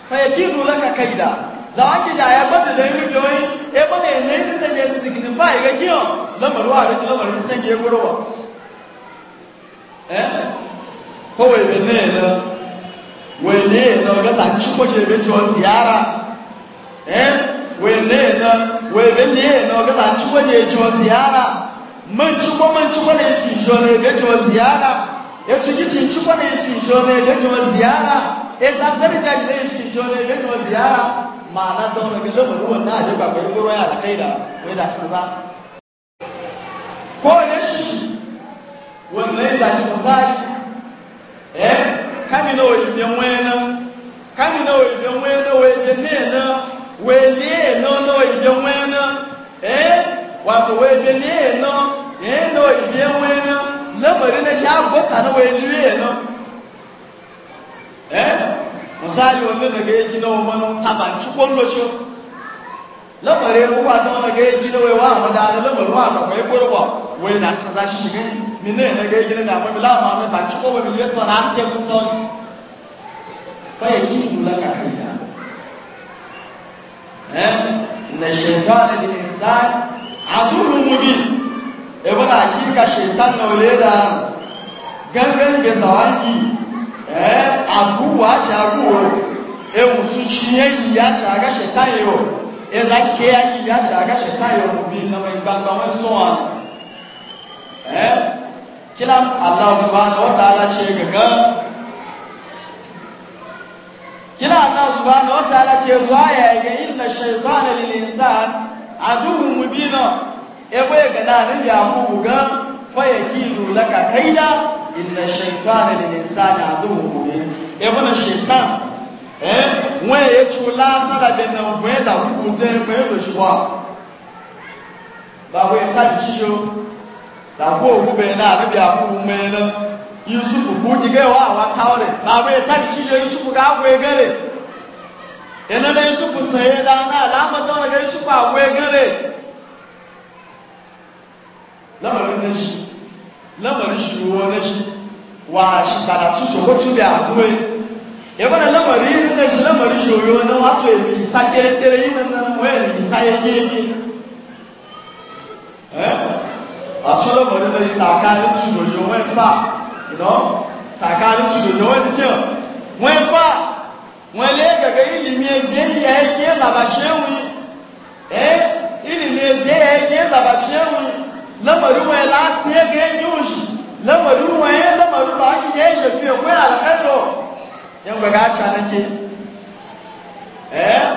fayakidu laka kaida za a ki ya bada da yi da wani e bada ya nemi da je su zikirin ba ya ga kiyon lamaru a rikin lamarin ta cange ya gurowa eh kawai da ne na wai ne na ga sa ci kwashe da ciwon siyara eh wai ne na wai ga ne na ga sa ci kwashe da ciwon siyara man ci kwa man ci kwa ne ci ciwon ne ga ciwon siyara ya ci ci ci kwa ciwon siyara eza fere da ne shi jone ne to ziyara ma'ana da wani ga lamarin wannan a jiba bai goro ya da kai da wai da su ba ko ne shi shi wannan da ni misali eh kami na oyi ne wena kami na oyi eh, eh, ne wena wai ne na wai ne no no oyi ne wena eh wato wai ne no eh no oyi ne wena lamarin na shi abota na wai ne no eh misali wanda daga ya gina wa manon tabanci kwalloci lamare ruwa da wanda ga ya gina wai wa amma da lamar ruwa da kai gurwa wai na sa za shi shiga ni ne na ga ya gina da amma la ma na banci ko wani yato na aske muton ya ki mu laka kaina eh na shaytan lil insan azul mubin e bana hakika shaytan na wale da gangan da zawaki Eh, abubuwa shaguwa ewu su ci yayi ya ci aga shetayo e za ke yayi ya ci aga shetayo bi na mai gbangba wani sowa eh, kila allah subhanahu wa ta'ala ce gaga kila allah subhanahu wa ta'ala ce zuwa ya ga inna shaytana lil insan aduwwun mubina ebe ga na nabi abu ga fa yakilu laka kaida inna shaitana lil insani aduwwun mubin ebona shaitan eh wọn ye chula sala de na wọn ye da ku de pe lo shwa ba we ka jijo da ko ku be na na bi afu me na yusufu ku dige wa wa tawre ba we ka jijo yusufu ga we gele ena na yusufu sai da na alama da yusufu a we gele lamarin shi lamarin shi ruwa na shi wa shi karatu so ko tube a kuma ya bana lamarin na shi lamarin shi ruwa na wato ya bi sa kere kere yi nan wayar bi sa ya ke yi a so lamarin na tsakanin su da yawon fa you know tsakanin su da yawon kyau wani fa wani ya gaga ilimi ebe ya ke zabace wi eh ilimi ebe ya ke zabace wi lamarin wani lati ya ga yin yushi lamarin wani lamarin da ake yi shafi ya kwaya alƙarro yan gwaga a can ke eh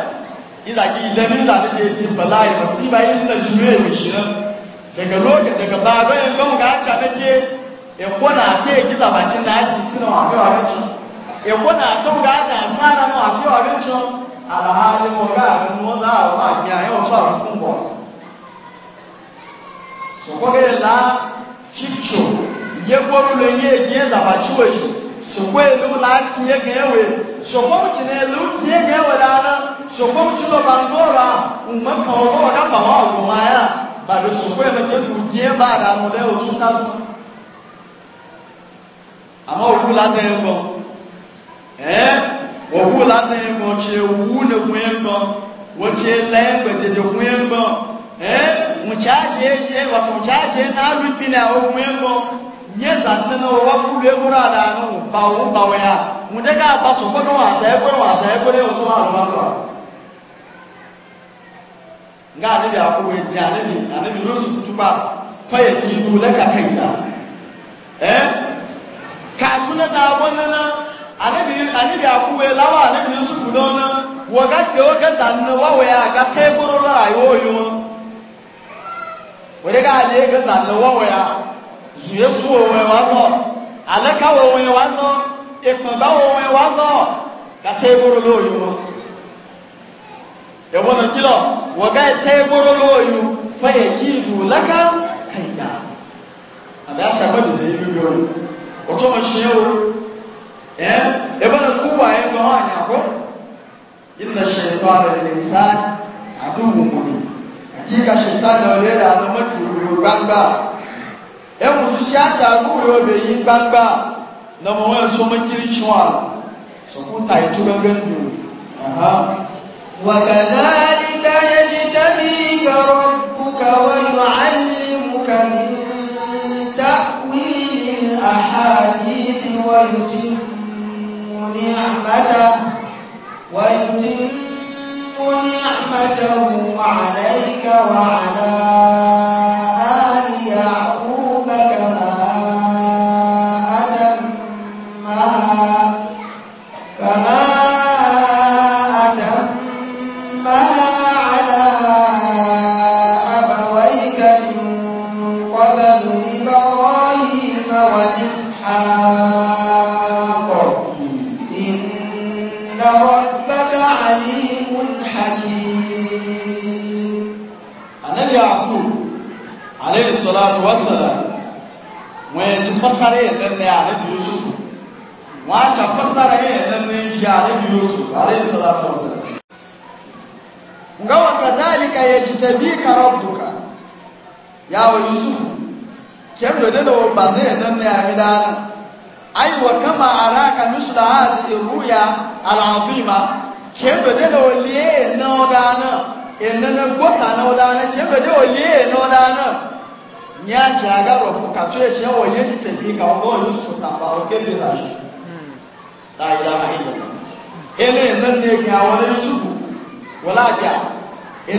ina ki idan ina da ke jin bala'i masiba yin da shi ne mai shirin daga lokacin daga baba yan gwamu ga a can ke ya kwana ke giza bacin da ake tuna wa kai wa rinci ya kwana ta ga ta sana mu a kai wa rinci alhalin mu ga abin mu za a wa a biya yawan sa rukun bwa sokogele la fitso yebolu le ye die labatsi wetso soko elu la ti ye gɛ we sokogutsi ne elu ti ye gɛ we la na sokogutsi lɔ ba ŋgɔ la ŋmɛ kan o lɔ ka ba ma o ma ya bado soko yɛ mɛ ku die ba da mo lɛ o tu ta tu ama owu la tɛ ŋgɔ ɛɛ owu la tɛ ŋgɔ tse owu ne kun ye ŋgɔ wotse lɛ gbɛdede kun ye ŋgɔ. Eh, muchashe eh, wa muchashe na lupina o mwembo nyeza nana wa kulwe murada no bawo bawo ya mudega baso ko no ata e ko no ata e ko le o so ma ma ko nga ne da ko e ja ne ni ane bi no su tuba fa ye ti du le ka kai da eh ka tuna da wannan ane bi ane bi eh, akuwe lawa ane bi su ku no na wa ga ke o ga san wa wa ya ga te buru la ayo yo wòle ká alẹ́ ké zàlẹ̀ wọ́wọ́ ya zùyé su wọ́wọ́ wa nọ alẹ́ka wọ́wọ́ wa nọ ìpínba wọ́wọ́ wa nọ kàtà ìgboro lóyún wọn. èwo nà kílọ̀ wọ́gá ìtà lóyún fẹ́yẹ̀ kí ìlú lẹ́ka kàyà. àbẹ̀ àti àgbẹ̀ dìde ìlú yóò wò tó wọn ṣe o ẹ èwo nà kú wà ẹ̀ gbọ́n àyàkó ìnà ṣe ìtọ́ àrẹ̀ lè sá àdúgbò mọ̀mí kí ka ṣètàní ọ̀lẹ́ ìlànà mọ́tòrò gbangba ẹ̀wù ṣiṣẹ́ àti àgúrò obìnrin gbangba na mọ̀ wọ́n sọ mọ́kiri ṣùn à sọkún ta ètò gbẹgbẹ ń dùn. وكذلك يجتبيك ربك ويعلمك من تأويل الأحاديث ويتم نعمته ويتم نعمته عليك وعلى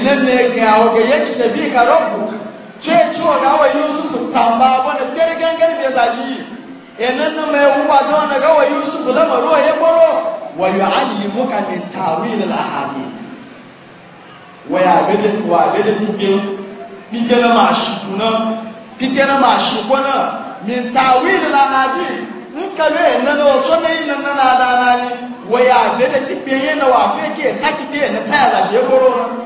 inene ke awoge yechi de bi karobu chechi oga wa yusuf tamba bone tere gangani be zaji inene me uwa dona ga wa yusuf la maro ye boro wa yu'allimuka min ta'wil al ahadith wa ya bede wa bede bibe bibe na ma shukuna bibe na ma shukuna min ta'wil na na na ni wa na wa feke takite na boro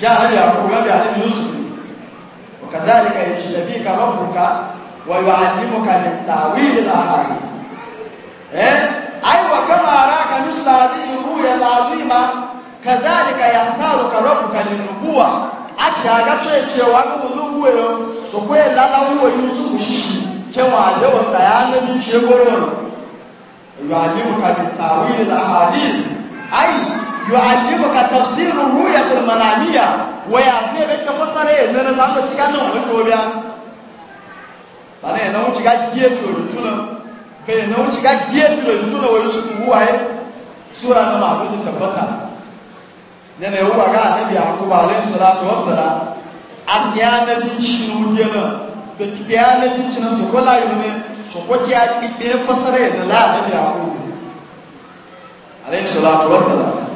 ya hali ya kuma ya hali yusuf wakadhalika yajtabika rabbuka wa yuallimuka min ta'wil al-ahadith eh aiwa kama araka misla hadhihi ruya al-azima kadhalika yahtaruka rabbuka lin-nubuwa achagachechewa kulubuwero sokwelala uwo yusuf shi cewa yawan tsayanin shegoro yuallimuka min ta'wil al-ahadith ai يعلمك تفسير الرؤية المنامية ويعطيه بك فسره إن أنا زعلت شكانا ومشوا بها فأنا ينوم شكا جيتو لنتونا كي ينوم شكا جيتو لنتونا ويوسف هو هي سورة نمعبود تبقى yana yi wa ga annabi yakubu alayhi salatu wassalam an ya na bin shiru jena da kibe ya na bin shiru su kola yi ne su kwaki ya kibe fasare da la annabi yakubu alayhi salatu wassalam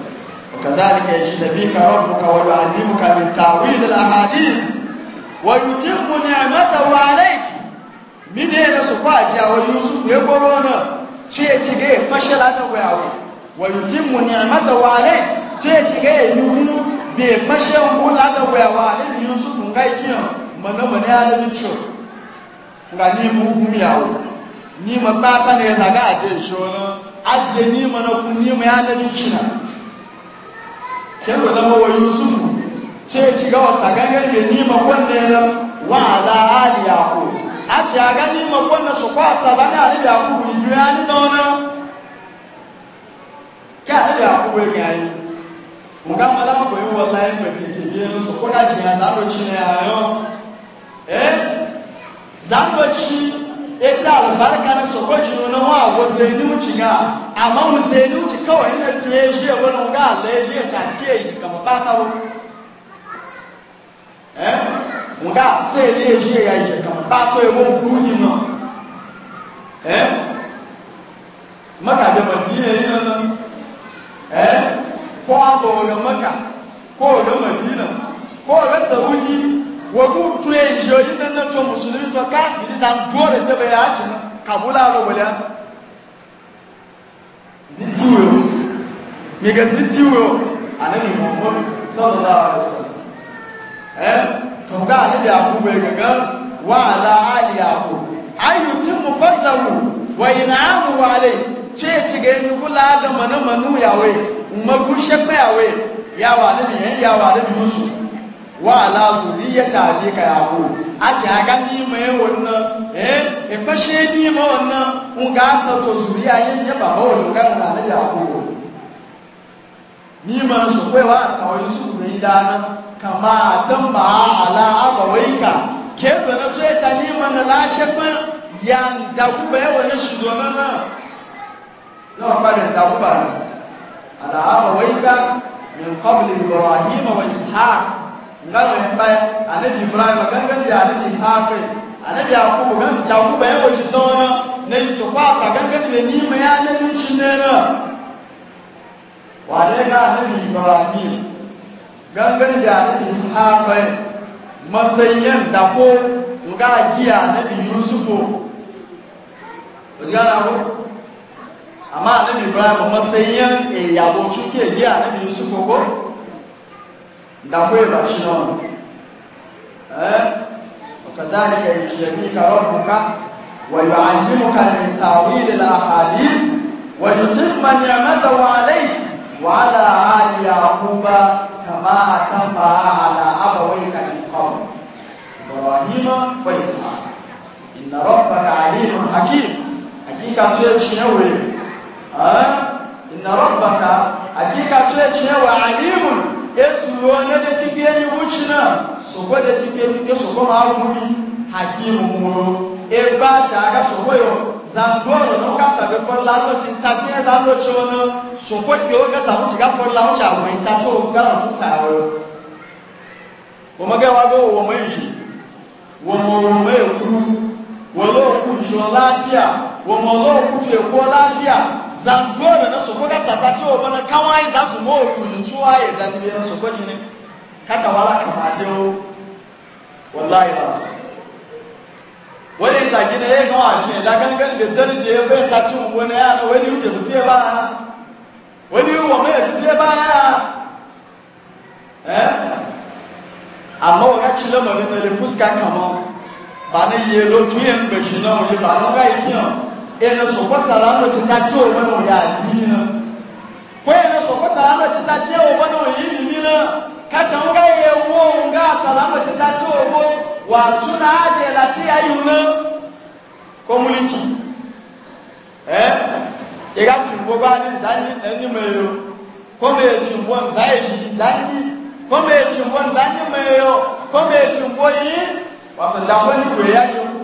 كذلك يجتبيك ربك ويعلمك من تاويل الاحاديث ويتم نعمته عليك من هنا سفاجا ويوسف يقولون شيء تجي فشل انا وياوي ويتم نعمته عليك شيء تجي يؤمن بفشل ولا انا وياوي يوسف غايكين من من هذا الشيء غني مغمياو ni ma ba ta ne daga ajin shona ajin هذا ma kendo zama wa yusufu ce ci gawa tsagagar da nima kwanne na wa ala hali yaku a ce a ga nima kwanne su kwata ba na da yaku ni biya ni na wani kya da yaku wani yayi mu ga malama ko yi wallahi ba ke ke biyan su kuɗa ce ya zaɓa ci na yayo eh zaɓa ci ita albarka na sokoci nuna wa wazaini wuce ga amma wazaini wuce kawai ina tiye shi ya wani ga Allah ya shi ya cace yi kama bata wu eh nga sai ne shi ya yi kama bata ya wani kuni ma eh maka da madina yi nan eh ko abu ga maka ko ga madina ko ga saudi wogu tun ye nzio yi nana tso musulumi tso kafiri san duo le tebe ya asi na kabula alo wele zitiwo mege zitiwo ale ni mɔmɔ sɔlɔ la ale si ɛ tɔnka ale de ako wele gangan wala ali ako ayi ti mu fɔta wu wa yina amu wale tso ye tige nukula adama ne manu yawe umagu sɛkpɛ yawe yawa ale ni yɛn yawa ale ni musu wa ala zuriyata abika yaqub ati aga ni me wonna eh e, e pashe ni mo wonna un ga ta to zuriya yin ya ba ho ga na da yaqub ni ma so kwe wa ta wani su ne dana kama tan ba ala abawaika ke da na ce ta ni ma na la shefa ya da ku ba e wani su do na na na ba da ku ba ala abawaika min qabl ibrahim wa ishaq ganin bai annabi ibrahim gangan da annabi safi annabi yakubu gan yakubu ya goshi dona na su kwata gangan da ni ma ya annabi cin ne na wa ne ga annabi ibrahim gangan da annabi safi matsayin da ko ga giya annabi yusufu ko amma annabi ibrahim matsayin yawo cuke giya annabi yusufu ko ndakweza kinono وكذلك يجزيك ربك ويعلمك من تعويل الاحاديث ويتم نعمته عليك وعلى ال يعقوب كما اتم على ابويك من قبل ابراهيم واسحاق ان ربك عليم حكيم hakika شنوي chenyewe ان ربك hakika mzee شنوي عليم etuo ne de kike yi wutsi na soko de kike kike soko ma awu yi hakimu muro eba tsa aka soko yɔ zandoro ne woka tsa be fɔ la lɔtsi tati ne ta lɔtsi wo ne soko ke woka tsa wotsi ka fɔ la wotsi awɔ yi tati wo gba lɔtsi tsa awɔ yɔ wɔmɔkɛ wa do wɔmɔ yi wɔmɔ zandoro na soko ka tata tí o mana káwọn ẹ̀sà sùn mọ́ òru ní tí wọ́n ayé dání bí ẹ̀sọ́ kọ́ jìnnì káta wàhálà kàmá àti o wọlá ìlà wọ́n yìí tàgé ní ẹ̀yìn náà àti ẹ̀dá gángán lè tẹ́lẹ̀ jẹ́ ẹgbẹ́ ẹ̀ta tí o wọ́n ẹ̀yà náà wọ́n yìí jẹ̀sù bíẹ́ bá yà wọ́n yìí wọ́n mẹ́ ẹ̀sù bíẹ́ bá yà ẹ́ àmọ́ wọ́n ká tí lọ́mọdé náà lè fúsìkà kàmọ́ bá ní iye lójú yẹn ń gbèjì náà òye bá lọ́gá yìí yàn ena sokotsala anochitache omweno yatina kwena sokotsala anochitache obono yinimina kachanunga yewo ungatsala anochitache obo watsuna ajela tiyayuna komuliki eh yekafimbo kwani ndani enyimeyo komeyechimbo ndaeyi ndani komeyechimbo ndanimeyo komeyechimbo yi wafundakoni kweyanyu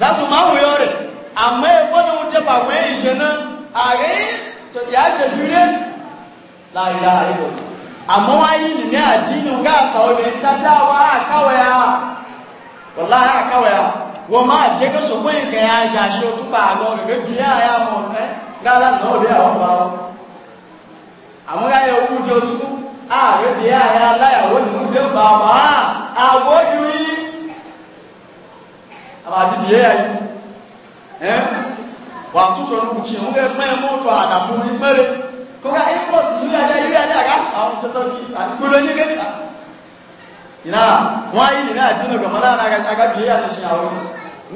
za su ma wuyore amma ya gwada wuce ba wani ishe nan a gai to ya shafi ne la ila haribo amma wani ne ne a jini ga a tsawo ne ta tawa a kawaya wallahi a a ke ka so ko yin ka ya shashi o tuba a gawa ga biya ya mo ne ga la na obi a wa wa amma ga ya wuce su a ga biya ya la ya wani mu den ba àbájú bìí ẹ̀yà yìí ẹ́ wà tútù ọ̀nà kùtì ẹ̀hún bẹ́ẹ̀ pẹ́ mọ́tò àdàbò yìí mẹ́rẹ̀ kó ká ẹ́kọ́sì yìí ajá yìí ajá àgá àwọn tẹ̀sán kì í àgbélé ní kẹ́kẹ́ ìná wọn ayé ìná àti ìnà gbọmọdé àná àgá bìí ẹ̀yà tuntun àwọn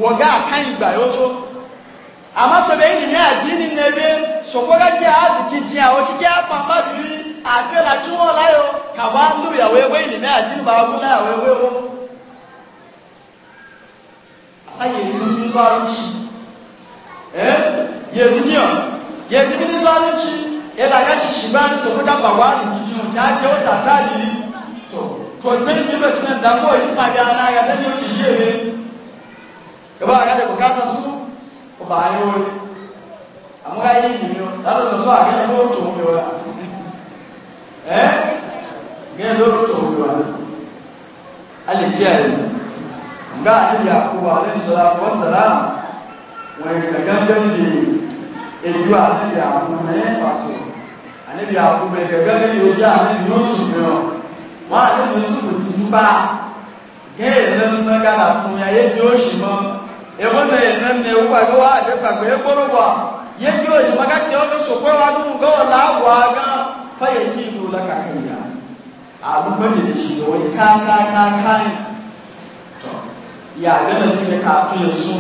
wọ̀gá àkáyìn gbà yóò tó àmọ́ tọ́bẹ̀ yìí ní àti ní nẹ́bẹ̀ sọ̀kọ́gá jẹ́ àzìkí jẹ́ àwọn tí kí á pàpà bìí àgbélà tí wọ́n láyọ̀ kàwá lóyàwó ẹwé ìnìmẹ́ àti ìnìmọ̀ àgúnláyàwó ẹwé wọn. 他也曾经抓人吃，哎，也是这样，也是给你抓人吃，也大家喜欢手不打把瓜的，就家叫打打鱼，就说那你们只能当过去大家那个那就职业的，对吧？俺这不干那事，不办了，俺们干一年了，咱都做啥？给你都中了了，哎，给你都中了了，俺理解了。ga annabi yakubu alaihi salatu wassalam wani ka gangan ne eju annabi yakubu na ya faso annabi yakubu ka gangan ne ojú annabi yusuf ne o wọn annabi yusuf ti dúpá gẹ́gẹ́ lẹ́nu náà gàdá sun ya yéjú oṣù mọ́ èwo náà yẹn náà ní ewu àgbẹ̀ wá àgbẹ̀ pàgbẹ́ yẹ gbọ́dọ̀ wà yéjú oṣù mọ́ káàkiri ọdún sọ̀kọ́ wa nínú gọ́wọ́ làwọ̀ àgán fáyẹ̀ kí ìlú lọ́kàkiri ya gana ni bɛ kaa to yɛ so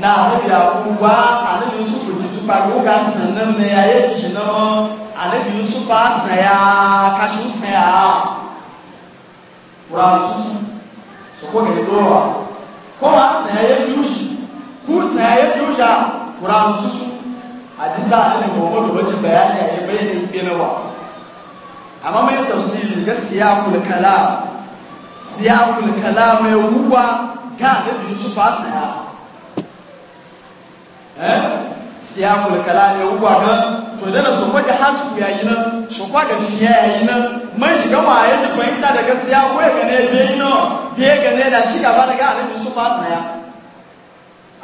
na ne bi akowa ale bi nso ko tutu pa ko ka sɛn ne mɛ a yɛ yi no ale bi nso pa sɛn ya kasi sɛn ya wura tutu soko kɛlɛ do wa kɔma sɛn ya yɛ duusi ku sɛn ya yɛ duusi a wura tutu adi sa ale ni mɔgɔ dɔ bɛ ti bɛn ya yɛ bɛ yɛ ne gbɛnɛ wa amma mai tafsiri ga siyakul kalam siyakul kan nabi yusuf asaya eh siya mulkala ne uwa ga to da na sokwa ga hasu ya yi nan sokwa ga fiya ya yi nan man shiga ma ya ji fahimta daga siya ko ya gane be yi nan be ya gane da ci gaba daga nabi yusuf asaya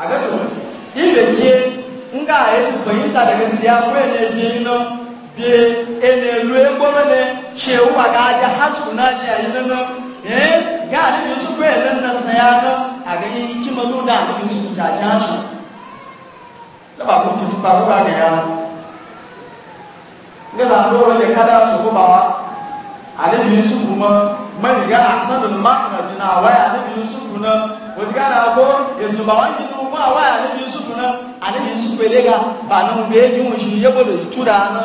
a ga to ibe ke in ga ya ji fahimta daga siya ko ya ne be yi nan be ene lu egboro na ji ya yi eh ga annabi yusuf bai nan da saya nan a gani kima no da annabi yusuf ta ja shi da ba ku tutu ba ruwa ga ya ga da ruwa ne kada su ko bawa annabi yusuf kuma man ga asadul makna jina waya annabi yusuf na wani ga da ko yanzu ba wani kitu ba waya annabi yusuf na annabi yusuf bai ga ba nan bai yi mun shi yabo da tura na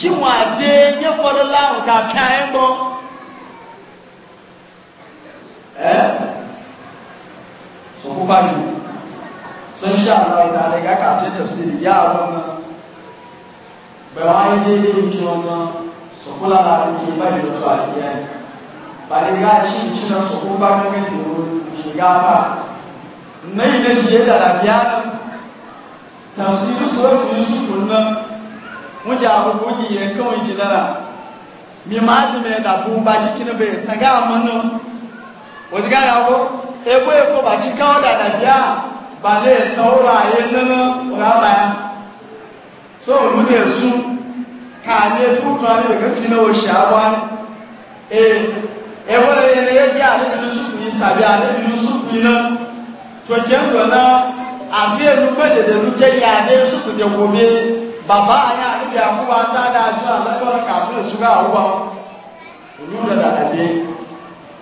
kinwa je ya fara lamu ta kayan bon eh so ku ba ni sun sha Allah ta ne ga ka ce tafsiri ya wannan bayan dai dai ki wannan so kula da ni ba da to aliya ba ne ga shi shi na so ku ba ne ni shi ga ba nai da shi da lafiya tafsiri suratul yusuf nan wunja abubu yi yɛ kan yi ti dara mi maa ti mɛ da bu ba yi kini bɛ taga a òtìgára kó ewé èkó bàtí káwọn dàdà bíà balẹ̀ ìtọ́wọ́ ayé nínú rábà ya so òlú ní èsú káàdé fúnkan ní ìgbẹ́ fi ní oṣù àwọn ewé ẹni yé jẹ́ àlejò ní sùkùn yìí sàbí àlejò ní sùkùn yìí náà tòjẹ́ ń lọ náà àbí ẹnu gbẹ́dẹ̀dẹ̀ ló jẹ́ yà ní sùkùn yẹn wò mí bàbá ayé àlejò àkúbà tá a dáa sí àlejò